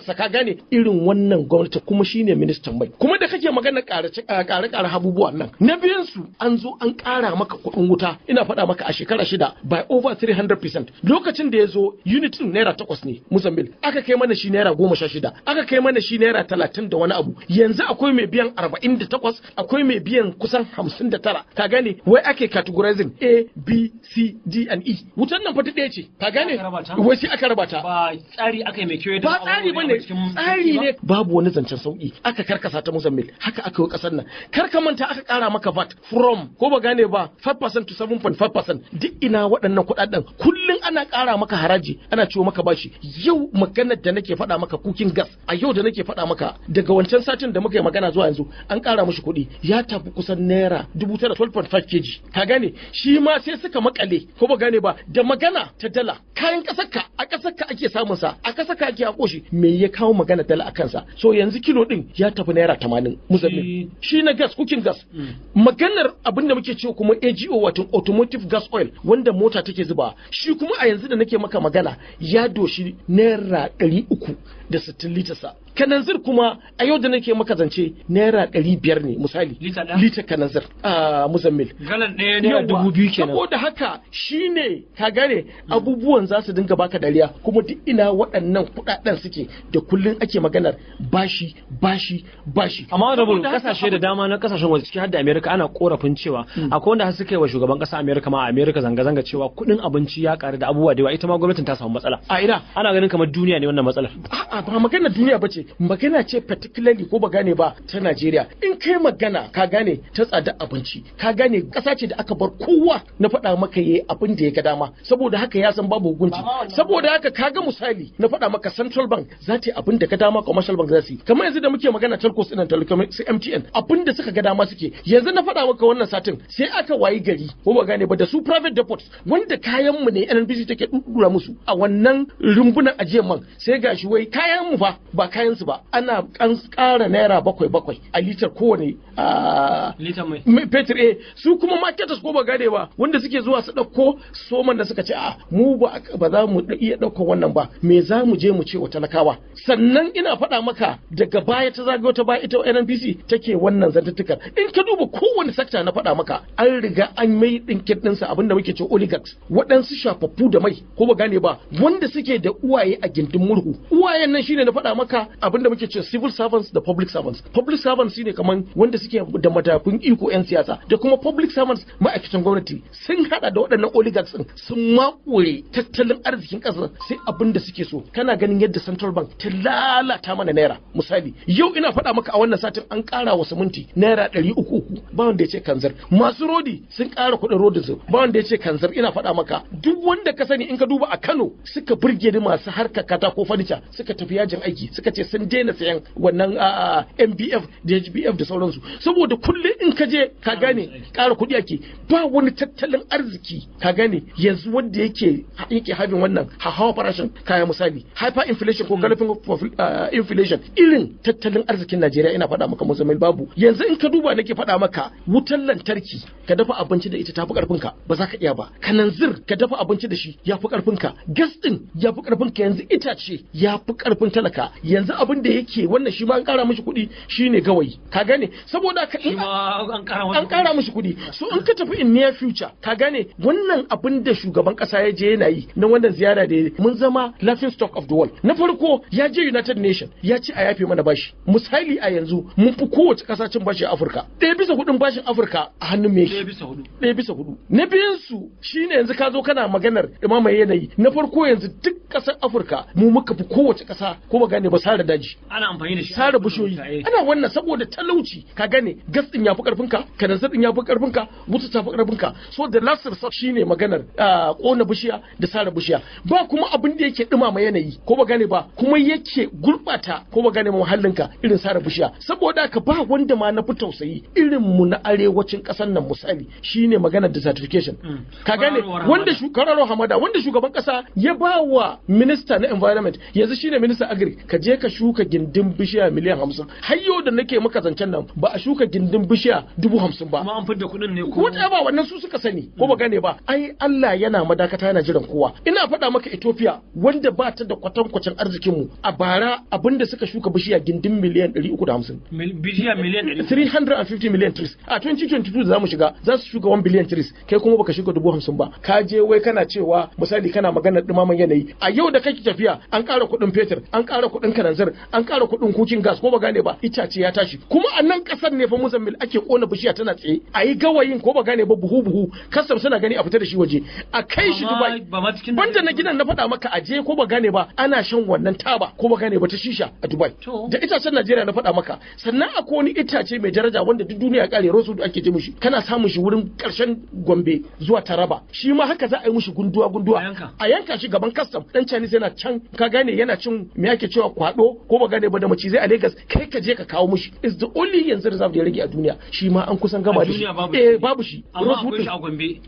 sa ka gane irin wannan gwamnati kuma shine ministan mai kuma da kake magana karace karace ƙara abubuwan nan na biyan su an zo an ƙara maka kuɗin wuta ina faɗa maka a shekara shida by over 300% lokacin da ya zo unit naira takwas ne musambil aka kai mana shi naira goma sha shida aka kai mana shi naira talatin da wani abu yanzu akwai mai biyan arba'in da takwas akwai mai biyan kusan hamsin da tara ka gane wai ake categorizing A B C D and E wutan nan fata ɗaya ce ka gane wai sai aka rabata ba tsari aka yi mai kyau ba tsari bane tsari ne babu wani zancen sauki aka karkasa ta musambil haka aka yi ƙasar nan ka manta aka kara maka VAT from ko ba gane ba 5% to 7.5% duk ina waɗannan kuɗaɗen kullum ana kara maka haraji ana ciwo maka bashi yau maganar da nake faɗa maka kukin gas a yau da nake faɗa maka daga wancan satin da muka yi magana zuwa yanzu an kara mushi kuɗi ya tafi kusan naira 12.5 kg ka gane shi ma sai suka makale ko ba gane ba da magana ta dala kayan ƙasar ka a ƙasar ake samun sa a ƙasar ka ake hako shi me ya kawo magana dala a kansa so yanzu kilo din ya tafi naira 80 musamman shi na gas cooking gas mm. maganar abin da muke cewa kuma AGO wato automotive gas oil wanda mota take zuba shi kuma a yanzu da nake maka magana ya doshi naira ɗari uku da sittin sa kananzir kuma a yau da nake maka zance naira ɗari biyar ne misali lita kananzir a muzammil galan ɗaya naira dubu biyu kenan saboda haka shine ka gane abubuwan za su dinga baka dariya kuma duk ina waɗannan kuɗaɗen suke da kullum ake maganar bashi bashi bashi amma da kasashe da dama na kasashen waje ciki har da Amerika ana korafin cewa hmm. akwai wanda har suka yi wa shugaban ƙasa Amerika ma Amerika zanga-zanga cewa kuɗin abinci ya ƙaru da abubuwa da yawa ita ma gwamnatin ta samu matsala a ina ana ganin kamar duniya ne wannan matsalar a'a ba magana duniya ba ce magana ce particularly ko ba gane ba ta Najeriya in kai magana ka gane ta tsada abinci ka gane ƙasa ce da aka bar kowa na faɗa maka yayi abin da ya ga dama saboda haka ya san babu hukunci saboda haka ka ga misali na faɗa maka Central Bank za ta yi abin da ka dama commercial bank za su yi kamar yanzu da muke magana telcos ɗin telecom sai MTN abin da suka ga dama suke yanzu na faɗa maka wannan satin sai aka wayi gari ko ba gane ba da su private depots wanda kayan mu ne NNPC take dudura musu a wannan rumbunan ajiyar man sai gashi wai kayan kayan mu fa ba kayansu su ba ana kan kara naira bakwai bakwai a litar kowane litar mai fetur e su kuma marketers ko ba gane ba wanda suke zuwa su dauko soman da suka ce a mu ba za mu iya ɗauko wannan ba me za mu je mu ce wa talakawa sannan ina faɗa maka daga baya ta zagayo ta baya ita NNPC take wannan zantattukar in ka duba kowane sakta na faɗa maka an riga an mai ɗinkin abin abinda muke ce oligarchs waɗansu shafaffu da mai ko ba gane ba wanda suke da uwaye a gindin murhu uwayen waɗannan shine na faɗa maka abinda muke ce civil servants da public servants public servants shine kaman wanda suke da matafin iko yan siyasa da kuma public servants ma'aikatan gwamnati sun haɗa da waɗannan oligarchs din sun makure tattalin arzikin ƙasar sai abinda suke so kana ganin yadda central bank ta lalata mana naira misali yau ina faɗa maka a wannan satin an ƙara wa siminti naira ɗari uku uku ba wanda ya ce kanzar masu rodi sun ƙara kuɗin rodin su ba wanda ya ce kanzar ina faɗa maka duk wanda ka sani in ka duba a Kano suka burge ni masu harkar katako fanica suka tafi yajin aiki suka ce sun daina sayan wannan MBF da HBF da sauransu saboda kullum in ka je ka gane ƙara kuɗi ake ba wani tattalin arziki ka gane yanzu wanda yake yake habin wannan hawa farashin kaya misali hyper inflation ko hmm. galafin inflation irin tattalin arzikin Najeriya ina faɗa maka musamman babu yanzu in ka duba nake faɗa maka wutar lantarki ka dafa abinci da ita tafi karfin ka ba za ka iya ba kananzir ka dafa abinci da shi ya karfin ka gas din ya karfin ka yanzu itace yafi karfin talaka yanzu abin da yake wannan shi ma an kara mishi kuɗi shine gawayi ka gane saboda ka an kara mishi kuɗi so in ka tafi in near future ka gane wannan abin da shugaban kasa ya je yana yi na wannan ziyara da mun zama laughing stock of the world na farko ya je United Nation ya ci a yafe mana bashi misali a yanzu mun fi kowace kasa cin bashi a Afirka ɗaya bisa hudun bashin Afirka a hannun me ɗaya bisa hudu ɗaya bisa hudu na biyan su shine yanzu ka zo kana maganar imama yanayi na farko yanzu duk kasar Afirka mu muka fi kowace kasa ƙasa ko ba gane ba sare daji ana amfani da shi sare bushoyi ana wannan saboda talauci ka gane gas din yafi karfin ka kanazar din yafi karfin ka mutu ta fi karfin ka so the last resort shine maganar kona ah, bishiya da sare bishiya ba kuma abin da yake dumama yanayi ko ba gane ba kuma yake gurbata ko ba gane muhallin ka irin sare bushiya saboda ka ba wanda ma na fi tausayi irin mu na arewacin ƙasar nan misali shine maganar desertification mm. ka gane wanda shugaban hamada wanda shugaban ƙasa ya ba wa minista na environment yanzu shine minista agri ka je ka shuka gindin bishiya miliyan hamsin har da nake maka zancen nan ba a shuka gindin bishiya dubu hamsin ba kuma an fidda kuɗin ne ko ba wannan su suka sani ko ba gane ba ai Allah yana madakata yana jiran kowa ina faɗa maka Ethiopia wanda ba ta da kwatankwacin arzikin mu a bara abinda suka shuka bishiya gindin miliyan 350 bishiya miliyan 350 miliyan trees a 2022 za mu shiga za su shuka 1 billion trees kai kuma baka shuka dubu hamsin ba ka je wai kana cewa misali kana magana dumaman yanayi a yau da kake tafiya an ƙara kuɗin fetur an ƙara kuɗin kananzir an ƙara kuɗin kukin gas ko ba gane ba itace ya tashi kuma a nan ƙasar ne fa muzammil ake ƙona bishiya tana tsaye a yi gawayin ko ba gane ba buhu buhu kasar suna gani a fita da shi waje a kai shi dubai banda na gidan na faɗa maka a je ko ba gane ba ana shan wannan taba ko ba gane ba ta shisha a dubai da itacen najeriya na faɗa maka sannan akwai wani itace mai daraja wanda duk duniya ƙare rosu ake je mushi kana samun shi wurin ƙarshen gombe zuwa taraba shi ma haka za a yi mushi gunduwa gunduwa a yanka shi gaban kastam dan chinese yana can ka gane yana cin me ake cewa kwado ko ba gane ba da macizai a Lagos kai ka je ka kawo mushi is the only yanzu reserve da ya rage a duniya shi ma an kusan gama da shi eh babu shi amma akwai shi a Gombe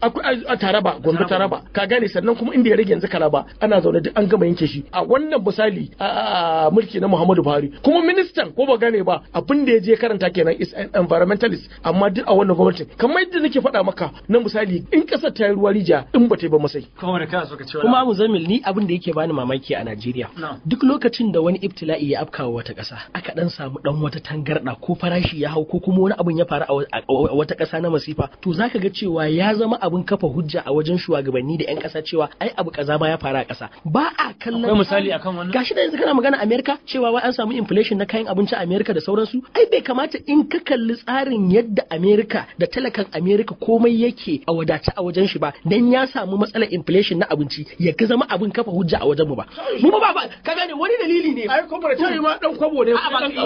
a Taraba Gombe Taraba ka gane sannan kuma inda ya rage yanzu Kalaba ana zaune duk an gama yanke shi a wannan misali a mulki na Muhammadu Buhari kuma ministan ko ba gane ba abin da ya je karanta kenan is an environmentalist amma duk a wannan gwamnati kamar yadda nake faɗa maka na misali in ƙasar ta yi ruwa rija in ba ta yi ba masai kuma da Zamil ni abin da yake bani mamaki a Najeriya duk lokacin da wani iftila'i ya afkawa wata ƙasa aka dan samu dan wata tangarda ko farashi ya hau ko kuma wani abun ya faru a wata ƙasa na masifa to zaka ga cewa ya zama abin kafa hujja a wajen shugabanni da 'yan ƙasa cewa ai abu kaza ma ya faru a ƙasa ba a kallon akwai misali akan wannan gashi da yanzu kana magana Amerika cewa wai an samu inflation na kayan abinci a Amerika da sauransu ai bai kamata in ka kalli tsarin yadda Amerika da talakan Amerika komai yake a wadace a wajen shi ba dan ya samu matsalar inflation na abinci ya zama abin kafa hujja a wajen mu ba mu ba ka gane wani dalili ne ai comparatory ma dan kwabo ne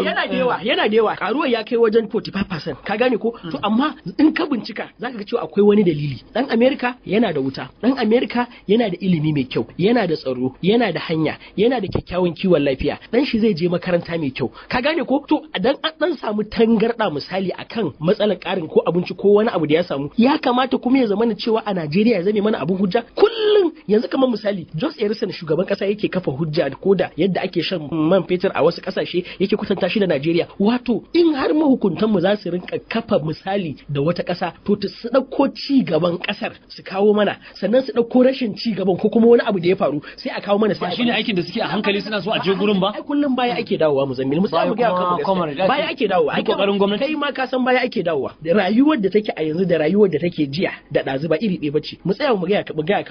yana da yawa yana da yawa karuwar ya kai wajen 45% ka gane ko hmm. to amma in ka bincika zaka ga cewa akwai wani dalili dan Amerika yana da wuta dan Amerika yana da ilimi mai kyau yana da tsaro yana da hanya yana da kyakkyawan kiwon lafiya dan shi zai je makaranta mai kyau ka gane ko to dan dan samu tangarda misali akan matsalar karin ko abinci ko wani abu da ya samu ya kamata kuma ya zama na cewa a Najeriya ya zame mana abin hujja kullum yanzu kamar misali Jos Erison shugaban kasa yake kafa hujja ko da yadda ake shan man fetur a wasu kasashe yake kwatanta shi da Najeriya wato in har mahukuntan mu za su rinka kafa misali da wata kasa to su dauko ci gaban kasar su kawo mana sannan su dauko rashin ci gaban ko kuma wani abu da ya faru sai a kawo mana sai shine aikin da suke a hankali suna so a je gurin ba ai kullum baya ake dawowa mu zammil mu samu ga kamar baya ake dawowa ai kokarin gwamnati kai ma ka san baya ake dawowa rayuwar da take a yanzu da rayuwar da take jiya da dazu ba iri ɗaya bace mu tsaya mu ga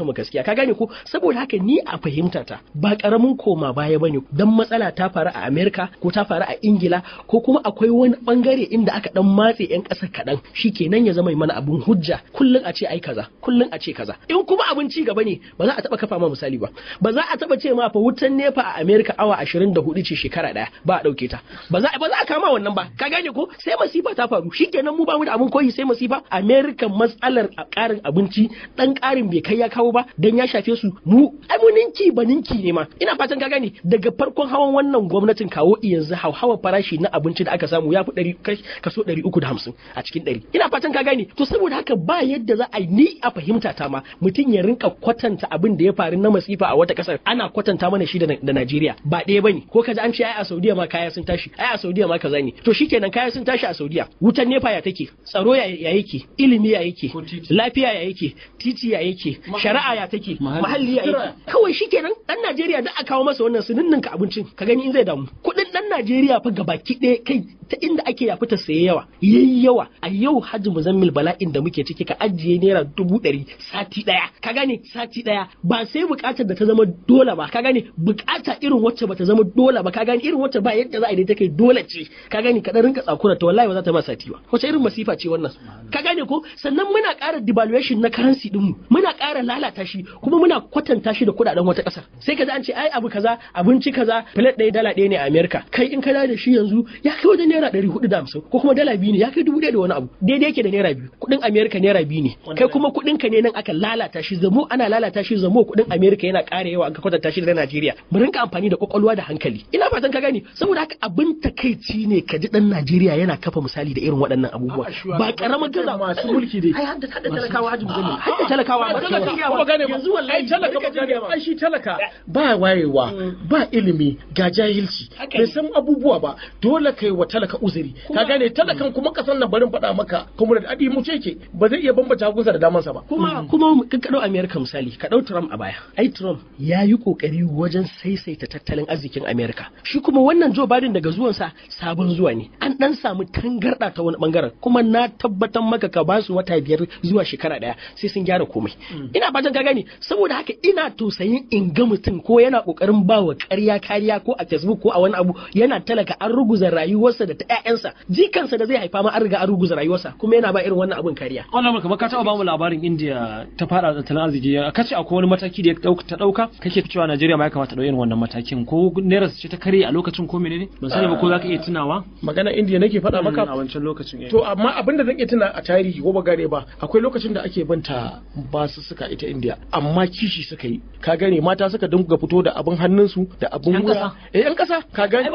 mu gaskiya ka gane ko saboda haka ni a fahimta ta ba karamin koma baya ɗaya bane dan matsala ta faru a Amerika ko ta faru a Ingila ko kuma akwai wani bangare inda aka dan matse yan ƙasa kaɗan kenan ya zama mana abun hujja kullun a ce ai kaza kullun a ce kaza in kuma abun ci gaba ne ba za a taba kafa ma misali ba ba za a taba ce ma fa wutan nefa a Amerika awa 24 ce shekara ɗaya, ba a ɗauke ta ba za ba za a kama wannan ba ka gane ko sai masifa ta faru shikenan mu ba mu da abun koyi sai masifa Amerika matsalar a karin abinci dan karin bai kai ya kawo ba dan ya shafe su mu ai mu ninki ba ninki ne ma ina fatan ka gane daga farkon hawan wannan gwamnatin kawo yanzu hawa farashi na abinci da aka samu ya fi kaso ɗari uku da hamsin a cikin ɗari ina fatan ka gane to saboda haka ba yadda za a ni a fahimta ta ma mutum ya rinka kwatanta abin da ya faru na masifa a wata ƙasar ana kwatanta mana shi da Najeriya ba ɗaya bane ko kaji an ce ai a Saudiya ma kaya sun tashi ai a Saudiya ma kaza ne to shikenan kaya sun tashi a Saudiya wutan nefa ya take tsaro ya yake ilimi ya yake lafiya ya yake titi ya yake shari'a ya take muhalli ya yake kawai shikenan dan Najeriya da aka kawo masa wannan sun ninka abincin ka gani in zai damu kuɗin ɗan Najeriya fa gabaki ɗaya kai ta inda ake ya ta saye yawa yayi yawa a yau Hajji Muzammil bala'in da muke ciki ka ajiye naira dubu ɗari sati ɗaya ka gane sati ɗaya ba sai buƙatar da ta zama dole ba ka gane buƙata irin wacce ba ta zama dole ba ka gane irin wacce ba yadda za a yi ta kai dole ce ka gane ka rinka tsakura ta wallahi ba za ta ma sati ba wacce irin masifa ce wannan ka gane ko sannan muna ƙara devaluation na currency ɗinmu muna ƙara lalata shi kuma muna kwatanta shi da kuɗaɗen wata ƙasa sai ka ji an ce ai abu kaza abinci kaza plate ɗaya dala ɗaya ne a Amerika kai in ka da shi yanzu ya kai wajen naira ɗari hudu da hamsin ko kuma dala biyu ne ya kai dubu ɗaya da wani abu daidai yake da naira biyu kuɗin Amerika naira biyu ne kai kuma kuɗin ka ne nan aka lalata shi zamo ana lalata shi zamo kuɗin Amerika yana ƙara yawa ka kwatanta shi da Najeriya mu rinka amfani da kwakwalwa da hankali ina fatan ka gani saboda haka abin takeici ne ka ji dan Najeriya yana kafa misali da irin waɗannan abubuwa ba karamar gaza masu mulki dai ai hadda talakawa mu gani hadda talakawa ba ba yanzu wallahi talaka ba shi talaka ba wayewa mm. ba ba ilimi ga jahilci bai san abubuwa ba dole kai wa talaka uzuri ka gane talakan kuma kasan nan barin faɗa maka kuma da adi mu ce ba zai iya bambata hagunsa da damansa ba kuma mm. kuma ka kado America misali ka dau Trump a baya ai Trump ya yi kokari wajen saisaita tattalin arzikin America shi kuma wannan Joe Biden daga zuwan sa sabon zuwa ne an dan samu tangarda ta wani bangaren kuma na tabbatar maka ka basu wata biyar zuwa shekara daya sai sun gyara komai mm. ina fatan ka gane saboda haka ina tausayin in ga mutum ko yana kokarin bawa ƙarya kariya ko a facebook ko a wani abu yana talaka an ruguza rayuwarsa da ta ƴaƴansa jikansa da zai haifa ma an riga an ruguza rayuwarsa kuma yana ba irin wannan abun kariya wannan muka kamar ka taɓa bamu labarin india ta fara da tattalin arziki kace akwai wani mataki da ta dauka kake cewa najeriya ma ya kamata dauki irin wannan matakin ko naira ce ta kare a lokacin ko menene ban sani ba ko zaka iya tunawa magana indiya nake faɗa maka mm, a wancan lokacin eh. to amma abin da zan iya tuna a tarihi ko ba gare ba akwai lokacin da ake banta basu suka ita indiya amma kishi suka yi ka gane mata suka dinga fito da abin hannunsu da abun wuya eh yan kasa ka gane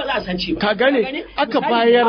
ka gane aka bayar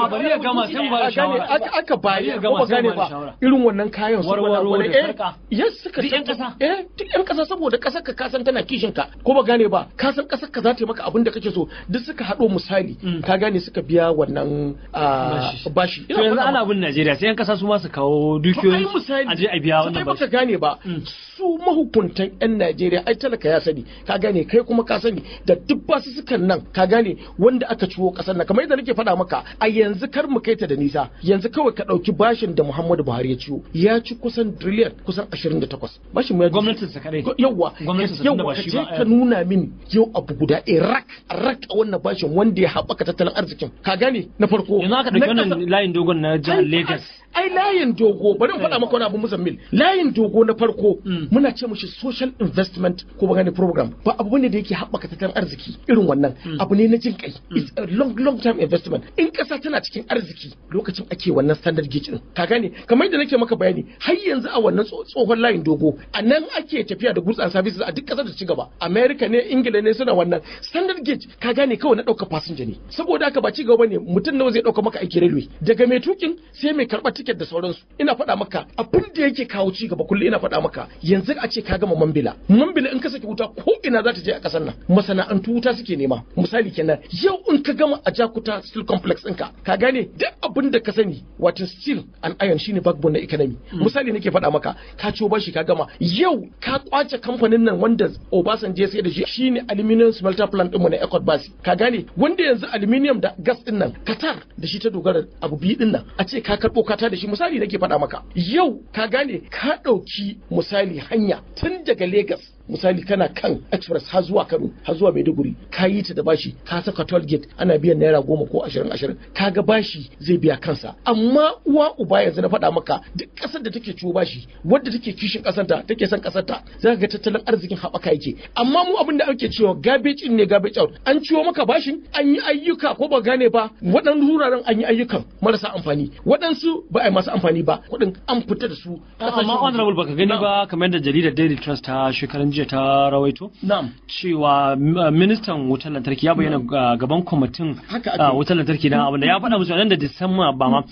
aka bayar ba gane ba irin wannan kayan su wani eh yes suka yan kasa eh duk yan kasa saboda kasar ka kasan tana kishin ka ko ba gane ba kasan kasar ka za ta maka abin da kake so duk suka hado misali mm. ka gane suka biya wannan ah, bashi to yanzu ana bin Najeriya sai yan kasa su ma su kawo dukiyoyi a je a biya wannan bashi gane ba mm. su mahukuntan yan Najeriya ai talaka ya sani ka gane kai kuma ka sani da duk duk basussukan nan ka gane wanda aka ciwo kasar nan kamar yadda nake faɗa maka a yanzu kar mu kai ta da nisa yanzu kawai ka ɗauki bashin da Muhammadu Buhari ya ciwo ya ci kusan trillion kusan 28 bashin mai gwamnatin sa kadai yawa yawa ka ce ka eh. nuna min yau abu guda rak rak a wannan bashin wanda ya haɓaka tattalin arzikin ka gane na farko yanzu aka ɗauki wannan layin dogon na jihar Lagos ai layin dogo bari in faɗa maka wani abu muzammil layin dogo na farko mm. muna ce mushi social investment ko ba program ba abu ne da yake haɓaka tattalin arziki irin wannan mm. abu ne na jin kai mm. it's a long long term investment in ƙasa tana cikin arziki lokacin ake wannan standard gauge din ka gane kamar yadda nake maka bayani har yanzu a wannan tsohon layin dogo a nan ake tafiya da goods and services a duk ƙasar da ci gaba america ne ingila ne suna wannan standard gauge ka gane kawai na ɗauka fasinja ne saboda haka ba ci gaba ne mutum nawa zai ɗauka maka aiki railway daga mai tukin sai mai karɓar suke da sauransu ina faɗa maka abin da yake kawo ci gaba kullum ina faɗa maka yanzu a ce ka gama mambila mambila in ka saki wuta ko ina za ta je a ƙasar nan masana'antu wuta suke nema misali kenan yau in ka gama a jakuta steel complex ɗinka ka gane duk abin da ka sani wato steel and iron shine backbone na economy mm. misali nake faɗa maka ka ciwo bashi ka gama yau ka kwace kamfanin nan wanda Obasanjo ya sayar da shi shine aluminium smelter plant ɗinmu na Ecot Basi ka gane wanda yanzu aluminium da gas ɗin nan Qatar da shi ta dogara abu biyu ɗin nan a ce ka karɓo ka da shi misali nake faɗa maka yau ka gane ka ɗauki misali hanya tun daga Legas misali kana kan express har zuwa kano har zuwa maiduguri ka yi ta da bashi ka saka toll gate ana biyan naira goma ko ashirin ashirin ka ga bashi zai biya kansa amma uwa uba yanzu na faɗa maka duk ƙasar da take ciwo bashi wadda take kishin ƙasarta take son ƙasarta za ka ga tattalin arzikin haɓaka yake amma mu abin da ake cewa gabeci in ne gabeci out an ciwo maka bashin an yi ayyuka ko ba gane ba waɗansu wuraren an yi ayyukan marasa amfani waɗansu ba a yi masu amfani ba kuɗin an fita da su amma honorable baka gani ba kamar da jaridar daily trust ta shekarun jiya ta rawaito cewa uh, ministan wutar lantarki ya bayyana uh, gaban kwamitin uh, wutar lantarki na abinda ya faɗa musu nan da disamba ba ma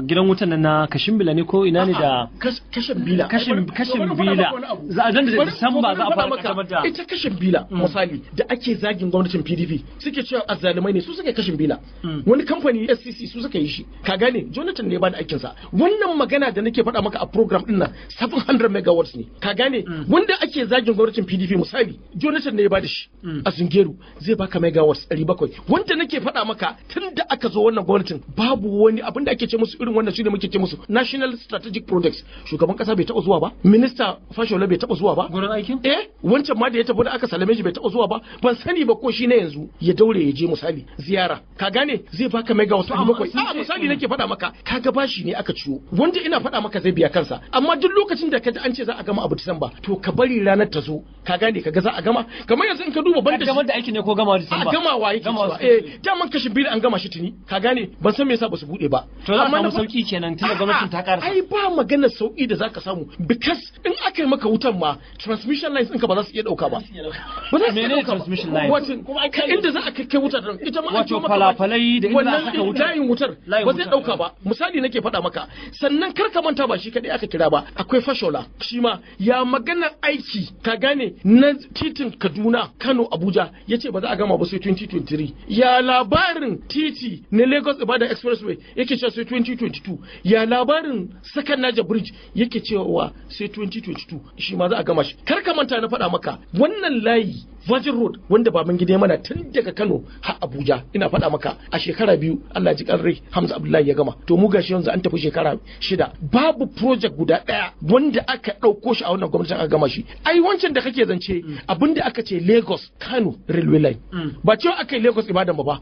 gidan wutar nan na kashin bila ne ko ina ne da kashin bila kashin bila za a da disamba za a fara kaddamar da ita kashin bila mm. misali da ake zagin gwamnatin PDP suke cewa azzalumai ne su suke kashin bila mm. wani kamfani SCC su suka yi shi ka gane Jonathan ne ba bada aikinsa wannan magana da nake faɗa maka a program din nan 700 megawatts ne ka gane mm. wanda ake zagin gwamnatin PDP misali Jonathan ne ya bada shi mm. a Zungeru zai baka megawas 700 wanda nake faɗa maka tun da aka zo wannan gwamnatin babu wani abin da ake ce musu irin wannan shine muke ce musu National Strategic Projects shugaban kasa bai taɓa zuwa ba minista Fashola bai taɓa zuwa ba gurin aikin eh wancan ma da ya tafi da aka salame shi bai taɓa zuwa ba ban sani ba ko shi yanzu ya daure ya je misali ziyara ka gane zai baka megawas 700 a misali nake faɗa maka kaga bashi ne aka ciwo wanda ina faɗa maka zai biya kansa amma duk lokacin da ka ji an ce za a gama abu ba to ka bari rana ranar ta zo ka gane ka ga za a gama kamar yanzu in ka duba banda gama da aiki ne ko gama da ba a wa yake gama eh man kashin biyu an gama shi tuni ka gane ban san me yasa ba su bude ba to za ka sauki kenan tunda gwamnatin ta karasa ai ba maganar sauki da zaka samu because in aka yi maka wutan ma transmission lines ɗinka ba za su iya dauka ba ba za su iya dauka transmission lines kuma inda za a kai wutar ita ma wato falafalai da inda ka wuta layin wutar ba zai dauka ba misali nake faɗa maka sannan kar ka manta ba shi kadai aka kira ba akwai fashola shi ma ya maganar aiki ka gane na titin kaduna kano abuja ya ce ba za a gama ba sai 2023 ya labarin titi na lagos ibadan expressway yake cewa sai 2022 ya labarin second naja bridge yake cewa sai 2022 shi ma za a gama shi kar ka manta na faɗa maka wannan layi Virgin Road wanda baban gida mana tun daga Kano har Abuja ina faɗa maka a shekara biyu Allah ji kan rai Hamza Abdullahi ya gama to mu gashi yanzu an tafi shekara shida babu project guda ɗaya wanda aka ɗauko shi a wannan gwamnatin aka gama shi ai wancan da kake zance mm. abinda aka ce Lagos Kano railway line mm. ba cewa aka yi Lagos Ibadan ba ba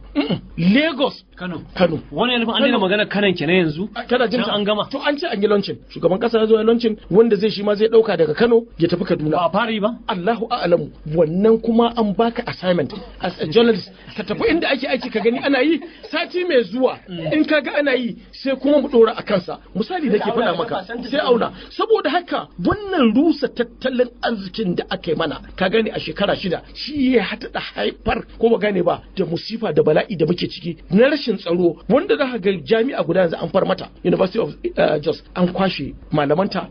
Lagos Kano Kano wani yanzu an yi magana Kanan na yanzu kada jin an gama to an ce an yi launching shugaban kasa ya zo ya launching wanda zai shi ma zai ɗauka daga Kano ya tafi Kaduna ba fari ba Allahu a'lamu wannan kuma kuma an baka assignment as a journalist ka tafi inda ake aiki ka gani ana yi sati mai zuwa in ka ga ana yi sai kuma mu dora a kansa misali da ke faɗa maka sai auna saboda haka wannan rusa tattalin arzikin da aka yi mana ka gani a shekara shida shi ya hada da haifar ko ba gane ba da musifa da bala'i da muke ciki na rashin tsaro wanda za ka ga jami'a guda yanzu an far mata University of eh, Jos an kwashe malamanta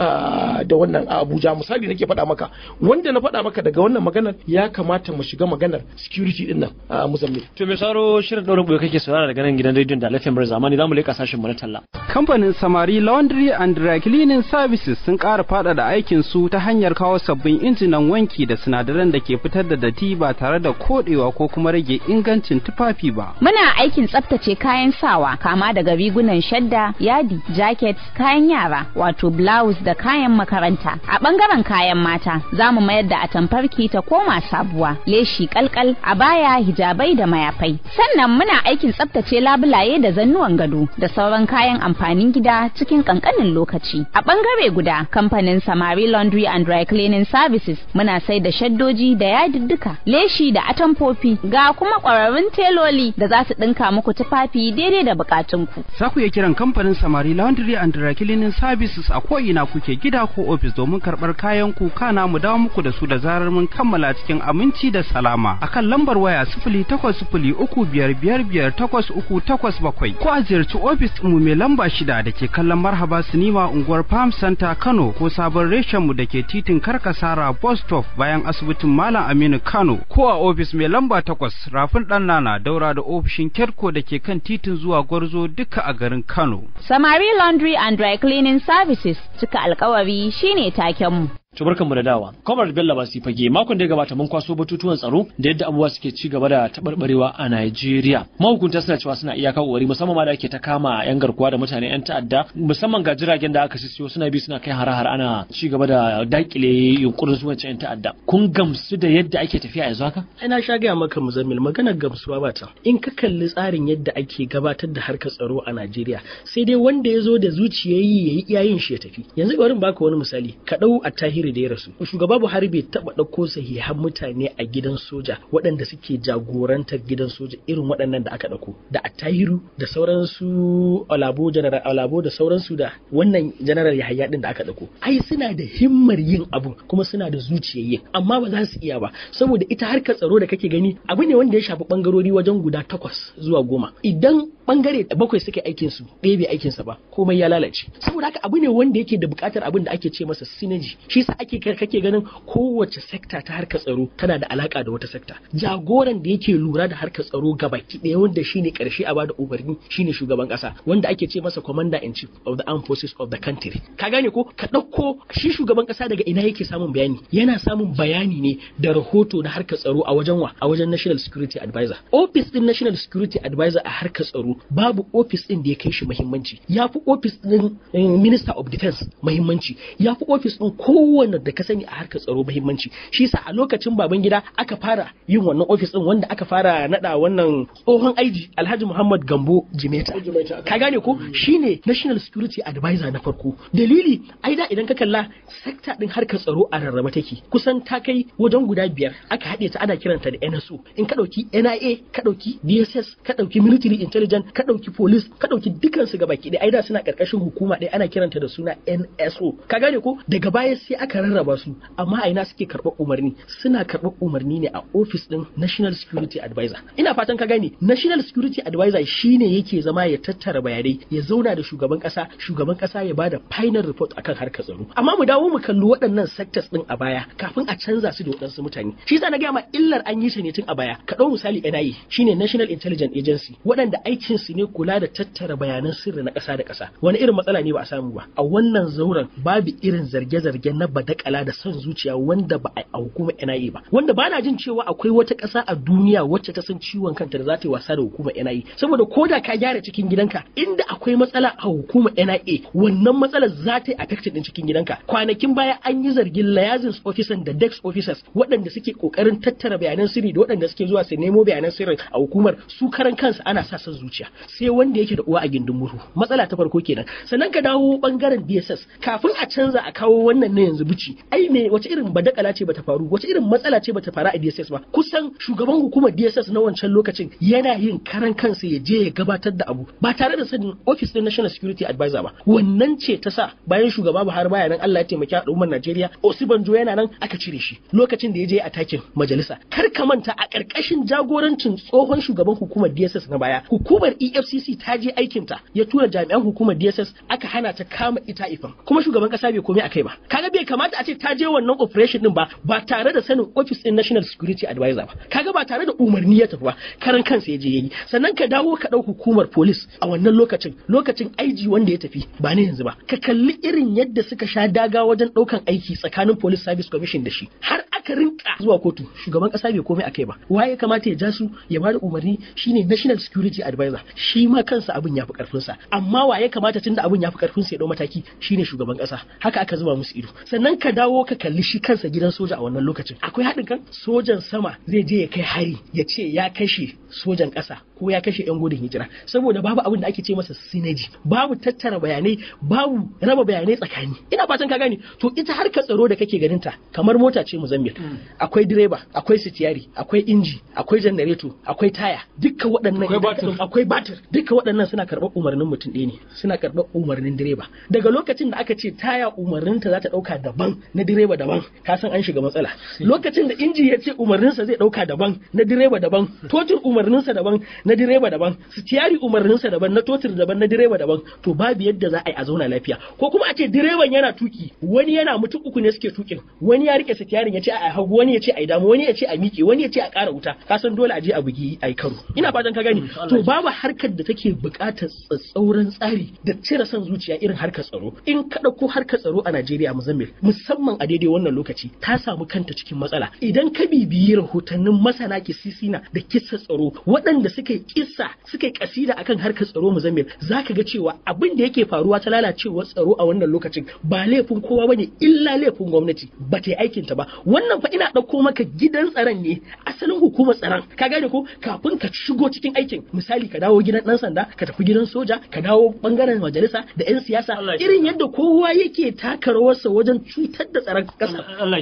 ah, da wannan a Abuja misali nake faɗa maka wanda na faɗa maka daga wannan maganar ya kamata mu shiga maganar security din nan a Mozambique. To me saro shirin ɗaura buya kake saurara daga nan gidan rediyon da lafiyar bar zamani zamu leƙa sashen mu na talla. Kamfanin Samari Laundry and Dry Cleaning Services sun ƙara faɗaɗa aikin su ta hanyar kawo sabbin injinan wanki da sinadaran da ke fitar da datti ba tare da koɗewa ko kuma rage ingancin tufafi ba. Muna aikin tsaftace kayan sawa kama daga rigunan shadda, yadi, jacket, kayan yara wato blouse da kayan makaranta. A ɓangaren kayan mata za mu mayar da atamfarki ta koma a sabuwa leshi kalkal a baya hijabai da mayafai sannan muna aikin tsaftace labulaye da zannuwan gado da sauran kayan amfanin gida cikin kankanin lokaci a bangare guda kamfanin samari laundry and dry cleaning services muna sai da shaddoji da yadiddika leshi da atamfofi ga kuma kwararrun teloli da za su dinka muku tufafi daidai da bukatunku za ku iya kiran kamfanin samari laundry and dry cleaning services a ko'ina kuke gida ko ofis domin karɓar kayan ku kana mu dawo muku da su da zarar mun kammala cikin aminci da salama akan lambar waya sifili takwas sifili uku biyar biyar biyar takwas uku takwas bakwai ko a ziyarci ofis mu mai lamba shida da ke kallon marhaba sinima unguwar Farm Center Kano ko sabon reshen mu da ke titin Karkasara bus stop bayan asibitin Malam Aminu Kano ko a ofis mai lamba takwas rafin dan nana daura da ofishin Kerko da ke kan titin zuwa Gwarzo duka a garin Kano. Samari Laundry and Dry Cleaning Services cika alkawari shine takenmu. To mu da dawa. Comrade Bello su fage makon da ya gabata mun kwaso batutuwan tsaro da yadda abubuwa suke ci gaba da tabarbarewa a Najeriya. Mahukunta suna cewa suna iyaka kokari musamman ma da ake ta kama yan garkuwa da mutane yan ta'adda musamman ga jiragen da aka siyo suna bi suna kai har-har ana ci gaba da dakile yunkurin suna yan ta'adda. Kun gamsu da yadda ake tafiya yanzu haka? Ina sha gaya maka Muzammil maganar gamsuwa ba ta. In ka kalli tsarin yadda ake gabatar da harkar tsaro a Najeriya sai dai wanda ya zo da zuciyayi yayi iyayin shi ya tafi. Yanzu bari baka wani misali ka dau a Buhari da ya rasu shugaba Buhari bai taɓa ɗauko sahihan mutane a gidan soja waɗanda suke jagorantar gidan soja irin waɗannan da aka ɗauko da Atahiru da sauransu Olabo General Olabo da sauransu da wannan General Yahaya ɗin da aka ɗauko ai suna da himmar yin abu kuma suna da zuciyar amma ba za su iya ba saboda ita harkar tsaro da kake gani abu ne wanda ya shafi bangarori wajen guda takwas zuwa goma idan bangare bakwai suke aikin su ɗaya bai aikinsa ba komai ya lalace saboda haka abu ne wanda yake da buƙatar abin da ake ce masa sinaji. shi yasa ake kake ganin kowace sekta ta harkar tsaro tana da alaka da wata sekta jagoran da yake lura da harkar tsaro gabaki ɗaya wanda shine karshe a bada umarni shine shugaban kasa wanda ake ce masa commander in chief of the armed forces of the country ka gane ko ka ɗauko shi shugaban kasa daga ina yake samun bayani yana samun bayani ne da rahoto na harkar tsaro a wajen wa a wajen national security advisor office din national security advisor a harkar tsaro babu office din da ya kai shi muhimmanci ya fi office din eh, minister of defense muhimmanci yafi fi office din kowa kowanne da ka sani a harkar tsaro muhimmanci shi sa a lokacin baban gida aka fara yin wannan ofis din wanda aka fara nada wannan tsohon aiji Alhaji Muhammad Gambo Jimeta ka gane ko mm. shine National Security Advisor na farko dalili ai da idan ka kalla sekta din harkar tsaro a rarraba take kusan ta kai wajen guda biyar aka haɗe ta ana kiranta da NSO in ka ɗauki NIA ka ɗauki DSS ka ɗauki Military Intelligence ka ɗauki Police ka ɗauki dukansu gabaki ɗaya ai da suna ƙarƙashin hukuma ɗaya ana kiranta da suna NSO ka gane ko daga baya sai aka rarraba su amma a ina suke karɓar umarni suna karɓar umarni ne a ofis ɗin National Security Advisor ina fatan ka gane National Security Advisor shine yake zama ya tattara bayanai ya zauna da shugaban ƙasa shugaban ƙasa ya bada final report akan harkar tsaro amma mu dawo mu kalli waɗannan sectors ɗin a baya kafin a canza su da waɗansu mutane shi yasa na gaya ma illar an yi su ne tun a baya ka ɗau misali NIA shine National Intelligence Agency waɗanda aikin su ne kula da tattara bayanan sirri na ƙasa da ƙasa wani irin matsala ne ba a samu ba a wannan zauren babu irin zarge zargen na badakala da son zuciya wanda ba a hukumar NIA ba wanda ba na jin cewa akwai wata ƙasa a duniya wacce ta san ciwon kanta da za ta yi wasa da hukumar NIA saboda ko da ka gyara cikin gidanka inda akwai matsala a hukumar NIA wannan matsalar za ta yi affected din cikin gidanka kwanakin baya an yi zargin liaisons officers da desk officers waɗanda suke kokarin tattara bayanan sirri da waɗanda suke zuwa su nemo bayanan sirri a hukumar su karan kansu ana sa son zuciya sai wanda yake da uwa a gindin murhu matsala ta farko kenan sannan ka dawo bangaren DSS kafin a canza a kawo wannan na yanzu asibiti ai me wace irin badakala ce bata faru wace irin matsala ce bata faru a DSS ba kusan shugaban hukumar DSS na wancan lokacin yana yin karan kansa ya je ya gabatar da abu ba tare da sanin office din National Security Advisor ba wannan ce ta sa bayan shugaba Buhari baya nan Allah ya taimaki al'ummar Najeriya Osibanjo yana nan aka cire shi lokacin da ya je a atakin majalisa kar ka manta a karkashin jagorancin tsohon shugaban hukumar DSS na baya hukumar EFCC ta je aikinta ya tura jami'an hukumar DSS aka hana ta kama ita ifan kuma shugaban ƙasa bai komai akai ba kaga bai kamata a ce ta je wannan operation din ba ba tare da sanin office din national security advisor ba kaga ba tare da umarni ya tafi ba karan kansa ya je yayi sannan ka dawo ka dau hukumar police a wannan lokacin lokacin IG wanda ya tafi ba ne yanzu ba ka kalli irin yadda suka sha daga wajen daukan aiki tsakanin police service commission da shi har aka rinka zuwa kotu shugaban kasa bai komai akai ba waye kamata ya ja su ya bada umarni shine national security advisor shi ma kansa abin ya fi karfin sa amma waye kamata tunda abin ya fi karfin sa ya dau mataki shine shugaban kasa haka aka zuba musu ido sannan sannan ka dawo ka kalli shi kansa gidan soja a wannan lokacin akwai haɗin kan sojan sama zai je ya kai hari ya ce ya kashe sojan ƙasa ko ya kashe yan gudun hijira saboda babu abin da ake ce masa sinaji babu tattara bayanai babu raba bayanai tsakani ina fatan ka gane to ita harkar tsaro da kake ganin ta kamar mota ce muzambil mm. akwai direba akwai sitiyari akwai inji akwai janareto akwai taya dukkan waɗannan akwai batir dukkan waɗannan suna karɓar umarnin mutum ɗaya ne suna karɓar umarnin direba daga lokacin da aka ce taya umarnin ta za ta ɗauka daban na direba daban ka san an shiga matsala lokacin da inji ya ce umarninsa zai ɗauka daban na direba daban totin umarninsa daban na direba daban sitiyari umarninsa daban na totir daban na direba daban to babu yadda za a yi a zauna lafiya ko kuma a ce direban yana tuki wani yana mutum uku ne suke tukin wani ya rike sitiyarin ya ce a hagu wani ya ce a damu wani ya ce a miƙe wani ya ce a ƙara wuta ka san dole a je a bugi a karo ina fatan ka gani to babu harkar da take buƙatar tsatsauran tsari da cire son zuciya irin harkar tsaro in ka ɗauko harkar tsaro a Najeriya muzammil musamman a daidai wannan lokaci ta samu kanta cikin matsala idan ka bibiyi rahotannin masana kisisina da kisa tsaro waɗanda suka kisa suke suka yi kasida akan harkar tsaro muzammil zaka ga cewa abin da yake faruwa ta lalacewa tsaro a wannan lokacin ba laifin kowa bane illa laifin gwamnati ba ta yi aikin ta ba wannan fa ina dauko maka gidan tsaron ne asalin hukumar tsaron ka gane ko kafin ka shigo cikin aikin misali ka dawo gidan dan sanda ka tafi gidan soja ka dawo bangaren majalisa da yan siyasa irin yadda kowa yake taka rawarsa wajen cutar da tsaron kasa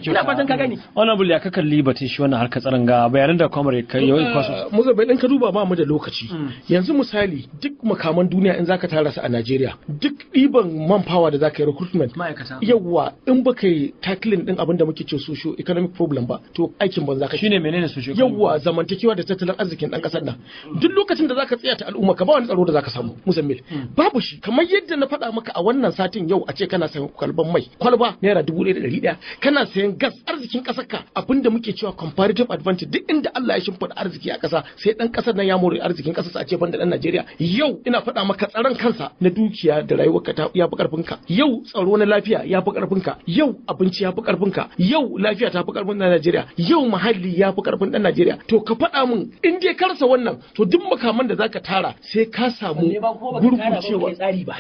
ina fatan ka gane wannan bulya ka kalli batun shi wannan harkar tsaron ga bayanan da kwamare ka yau kwaso mu bai dan ka duba ba mu da da lokaci mm. yanzu misali duk makaman duniya in zaka tara su a Najeriya duk ɗiban man power da zaka yi recruitment yawa in baka yi tackling din abin da muke ce socio economic problem ba to aikin banza ka shine menene social yawa zamantakewa da tattalin arzikin dan kasar nan mm. duk lokacin da zaka tsaya ta al'umma ka ba wani tsaro da zaka samu musammil mm. babu shi kamar yadda na faɗa maka a wannan satin yau a ce kana sayan kwalban mai kwalba naira dubu ɗaya da ɗari ɗaya kana sayan gas arzikin ƙasar ka abin da muke cewa comparative advantage duk inda Allah ya shimfiɗa arziki a ƙasa sai ɗan ƙasar nan ya more more arzikin ƙasarsa a ce banda Najeriya yau ina faɗa maka tsaron kansa na dukiya da rayuwarka ta ya fi ƙarfinka yau tsaro na lafiya ya fi ƙarfinka yau abinci ya fi ƙarfinka yau lafiya ta fi ƙarfin ɗan Najeriya yau muhalli ya fi ƙarfin ɗan Najeriya to ka faɗa min in dai ka wannan to duk makaman da zaka tara sai ka samu gurguncewa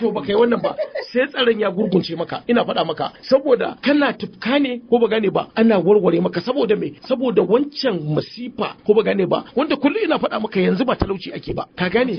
to baka yi wannan ba sai tsaron ya gurgunce maka ina faɗa maka saboda kana tufka ne ko ba gane ba ana warware maka saboda me saboda wancan masifa ko ba gane ba wanda kullum ina faɗa maka yanzu ba talauci ake ba ka gane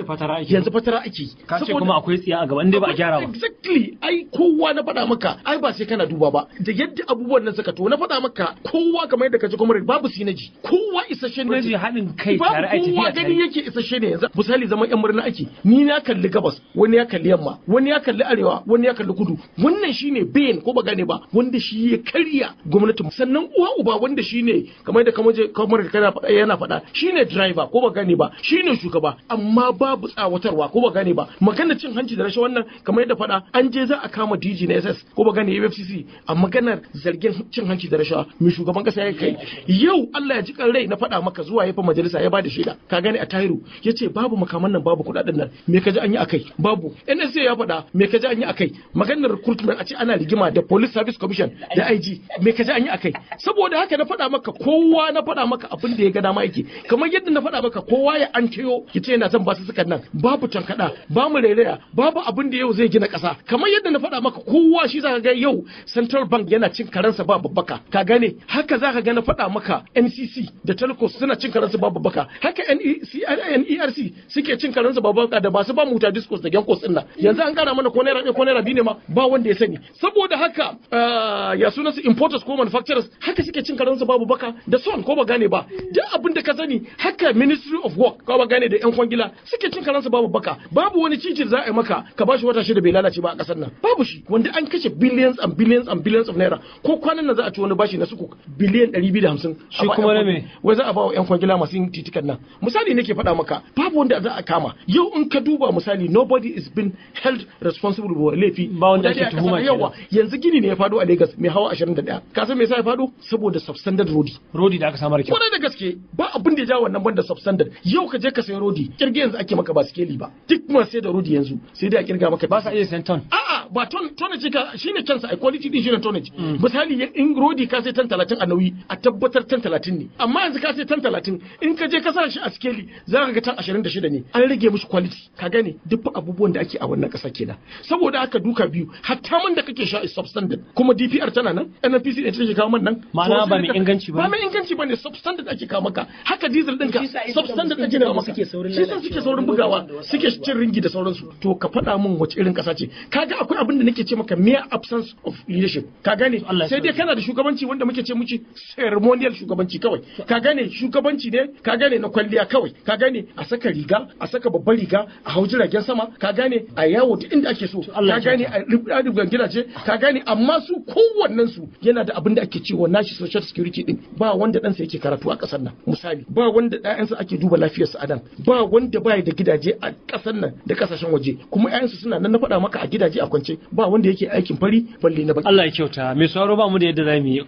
yanzu fatara ake ka ce kuma akwai tsiya a gaban dai ba a gyara ba exactly ai kowa na faɗa maka ai ba sai kana duba ba da yadda abubuwan nan suka to na faɗa maka kowa kamar yadda ka ji kuma babu sinaji kowa isasshe ne ji haɗin kai tare a tafiya gani yake isasshe ne yanzu misali zaman yan murna ake ni na kalli gabas wani ya kalli yamma wani ya kalli arewa wani ya kalli kudu wannan shine bayan ko ba gane ba wanda shi ya karya gwamnatin sannan uwa uba wanda shine kamar da kamar kamar kana faɗa yana faɗa shine driver ko ba gane ba shine kan shugaba amma babu tsawatarwa ko ba gane ba maganar cin hanci da rashin wannan kamar yadda faɗa an je za a kama DG na SS ko ba gane EFCC a maganar zargin cin hanci da rashawa mai shugaban kasa ya kai yau Allah ya ji kan rai na faɗa maka zuwa ya fa majalisa ya bada shaida ka gane a Tahiru yace babu makaman nan babu kuɗaɗen nan me kaji an yi akai babu NSA ya faɗa me kaji an yi akai maganar recruitment a ce ana rigima da Police Service Commission da IG me kaji an yi akai saboda haka na faɗa maka kowa na faɗa maka abin da ya ga dama yake kamar yadda na faɗa maka kowa ya anke. siyo ki ce zan ba su sukan nan babu tankada bamu rereya babu abin da yau zai gina kasa. kamar yadda na faɗa maka kowa shi zaka ga yau central bank yana cin karansa ba babbaka ka gane haka zaka ga na faɗa maka ncc da telcos suna cin karansa ba babbaka haka nerc e suke cin karansa ba babbaka da masu ba muta discos da gankos din nan yanzu an kara mana ko naira ɗaya ko naira biyu ne ma ba wanda ya sani saboda haka eh, ya sunan su importers ko manufacturers haka suke cin karansa babu baka da son ko ba gane ba duk abin da ka sani haka ministry of work ko gane da yan kwangila suke cin karansu babu baka babu wani da za a yi maka ka ba shi wata shida bai lalace ba a kasar nan babu shi wanda an kashe billions and billions and billions of naira ko kwanan nan za a ci wani bashi na suku biliyan 250 shi kuma na wai za a ba wa yan kwangila masu yin titikan nan misali nake faɗa maka babu wanda za a kama yau in ka duba misali nobody is been held responsible for laifi ba wanda ke tuhuma yawa yanzu gini ne ya fado a Lagos mai hawa 21 ka san me yasa ya fado saboda substandard road road da aka samar kyau kwarai da gaske ba abin da ya ja wannan banda substandard yau ka je ka sayo rodi kirge yanzu ake maka ba sikeli ba duk ma sai da rodi yanzu sai dai a kirga maka ba sa iya san ton a'a ba ton tonage ka shine kansa a quality din shine tonage mm. misali in rodi ka sai tan 30 a nauyi a tabbatar tan 30 ne amma yanzu ka sai tan 30 in ka je ka sa shi a sikeli za ka ga tan 26 ne an rage mishi quality ka gane duk abubuwan da ake a wannan kasa kenan saboda haka duka biyu hatta man da kake sha is substandard kuma DPR tana nan NNPC ne take kawo man nan ma'ana ba mai inganci ba ba mai inganci bane substandard ake kawo maka haka diesel ɗinka substandard ake kawo suke saurin shi suke saurin bugawa suke cin ringi da sauransu to ka faɗa min wace irin ƙasa ce kaga akwai abin da nake ce maka mere absence of leadership ka gane sai dai kana da shugabanci wanda muke ce muke ceremonial shugabanci kawai ka gane shugabanci ne ka gane na kwalliya kawai ka gane a saka riga a saka babbar riga a hau jiragen sama ka gane a yawo duk inda ake so ka gane a ga gidaje ka gane amma su kowannen su yana da abin da ake cewa nashi social security din ba wanda ɗansa yake karatu a ƙasar nan misali ba wanda ɗayansa ake duba lafiyarsa a nan ba wanda bai da gidaje a ƙasar nan da ƙasashen waje kuma ƴaƴansu suna nan na faɗa maka a gidaje a kwance ba wanda yake aikin fari balle na baki Allah ya kyauta mai sauraro ba mu da yadda zamu yi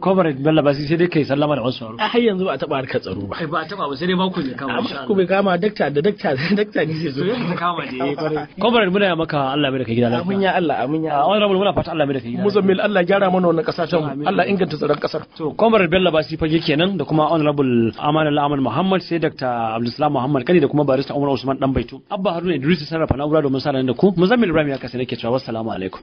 corporate bella ba sai dai kai sallama da wasu a har yanzu ba a taba harkar tsaro ba ba a taba ba sai dai mako ne kama insha Allah mako bai kama dakta da dakta dakta ne zai zo ya kama da yayi corporate muna maka Allah bai da kai gida lafiya amin ya Allah amin ya Allah honorable muna fata Allah bai da kai gida muzammil Allah gyara mana wannan ƙasa ta Allah inganta tsaron ƙasar to corporate bella ba sai fage kenan da kuma honorable Amanul Ahmad Muhammad sai dr Abdul Abdulislam Muhammad Kani da kuma barista Umar Usman Dan Baito. Abba Haruna Idris sarrafa na'ura domin sa da ku Muzammil Ibrahim ya kasance nake cewa assalamu alaikum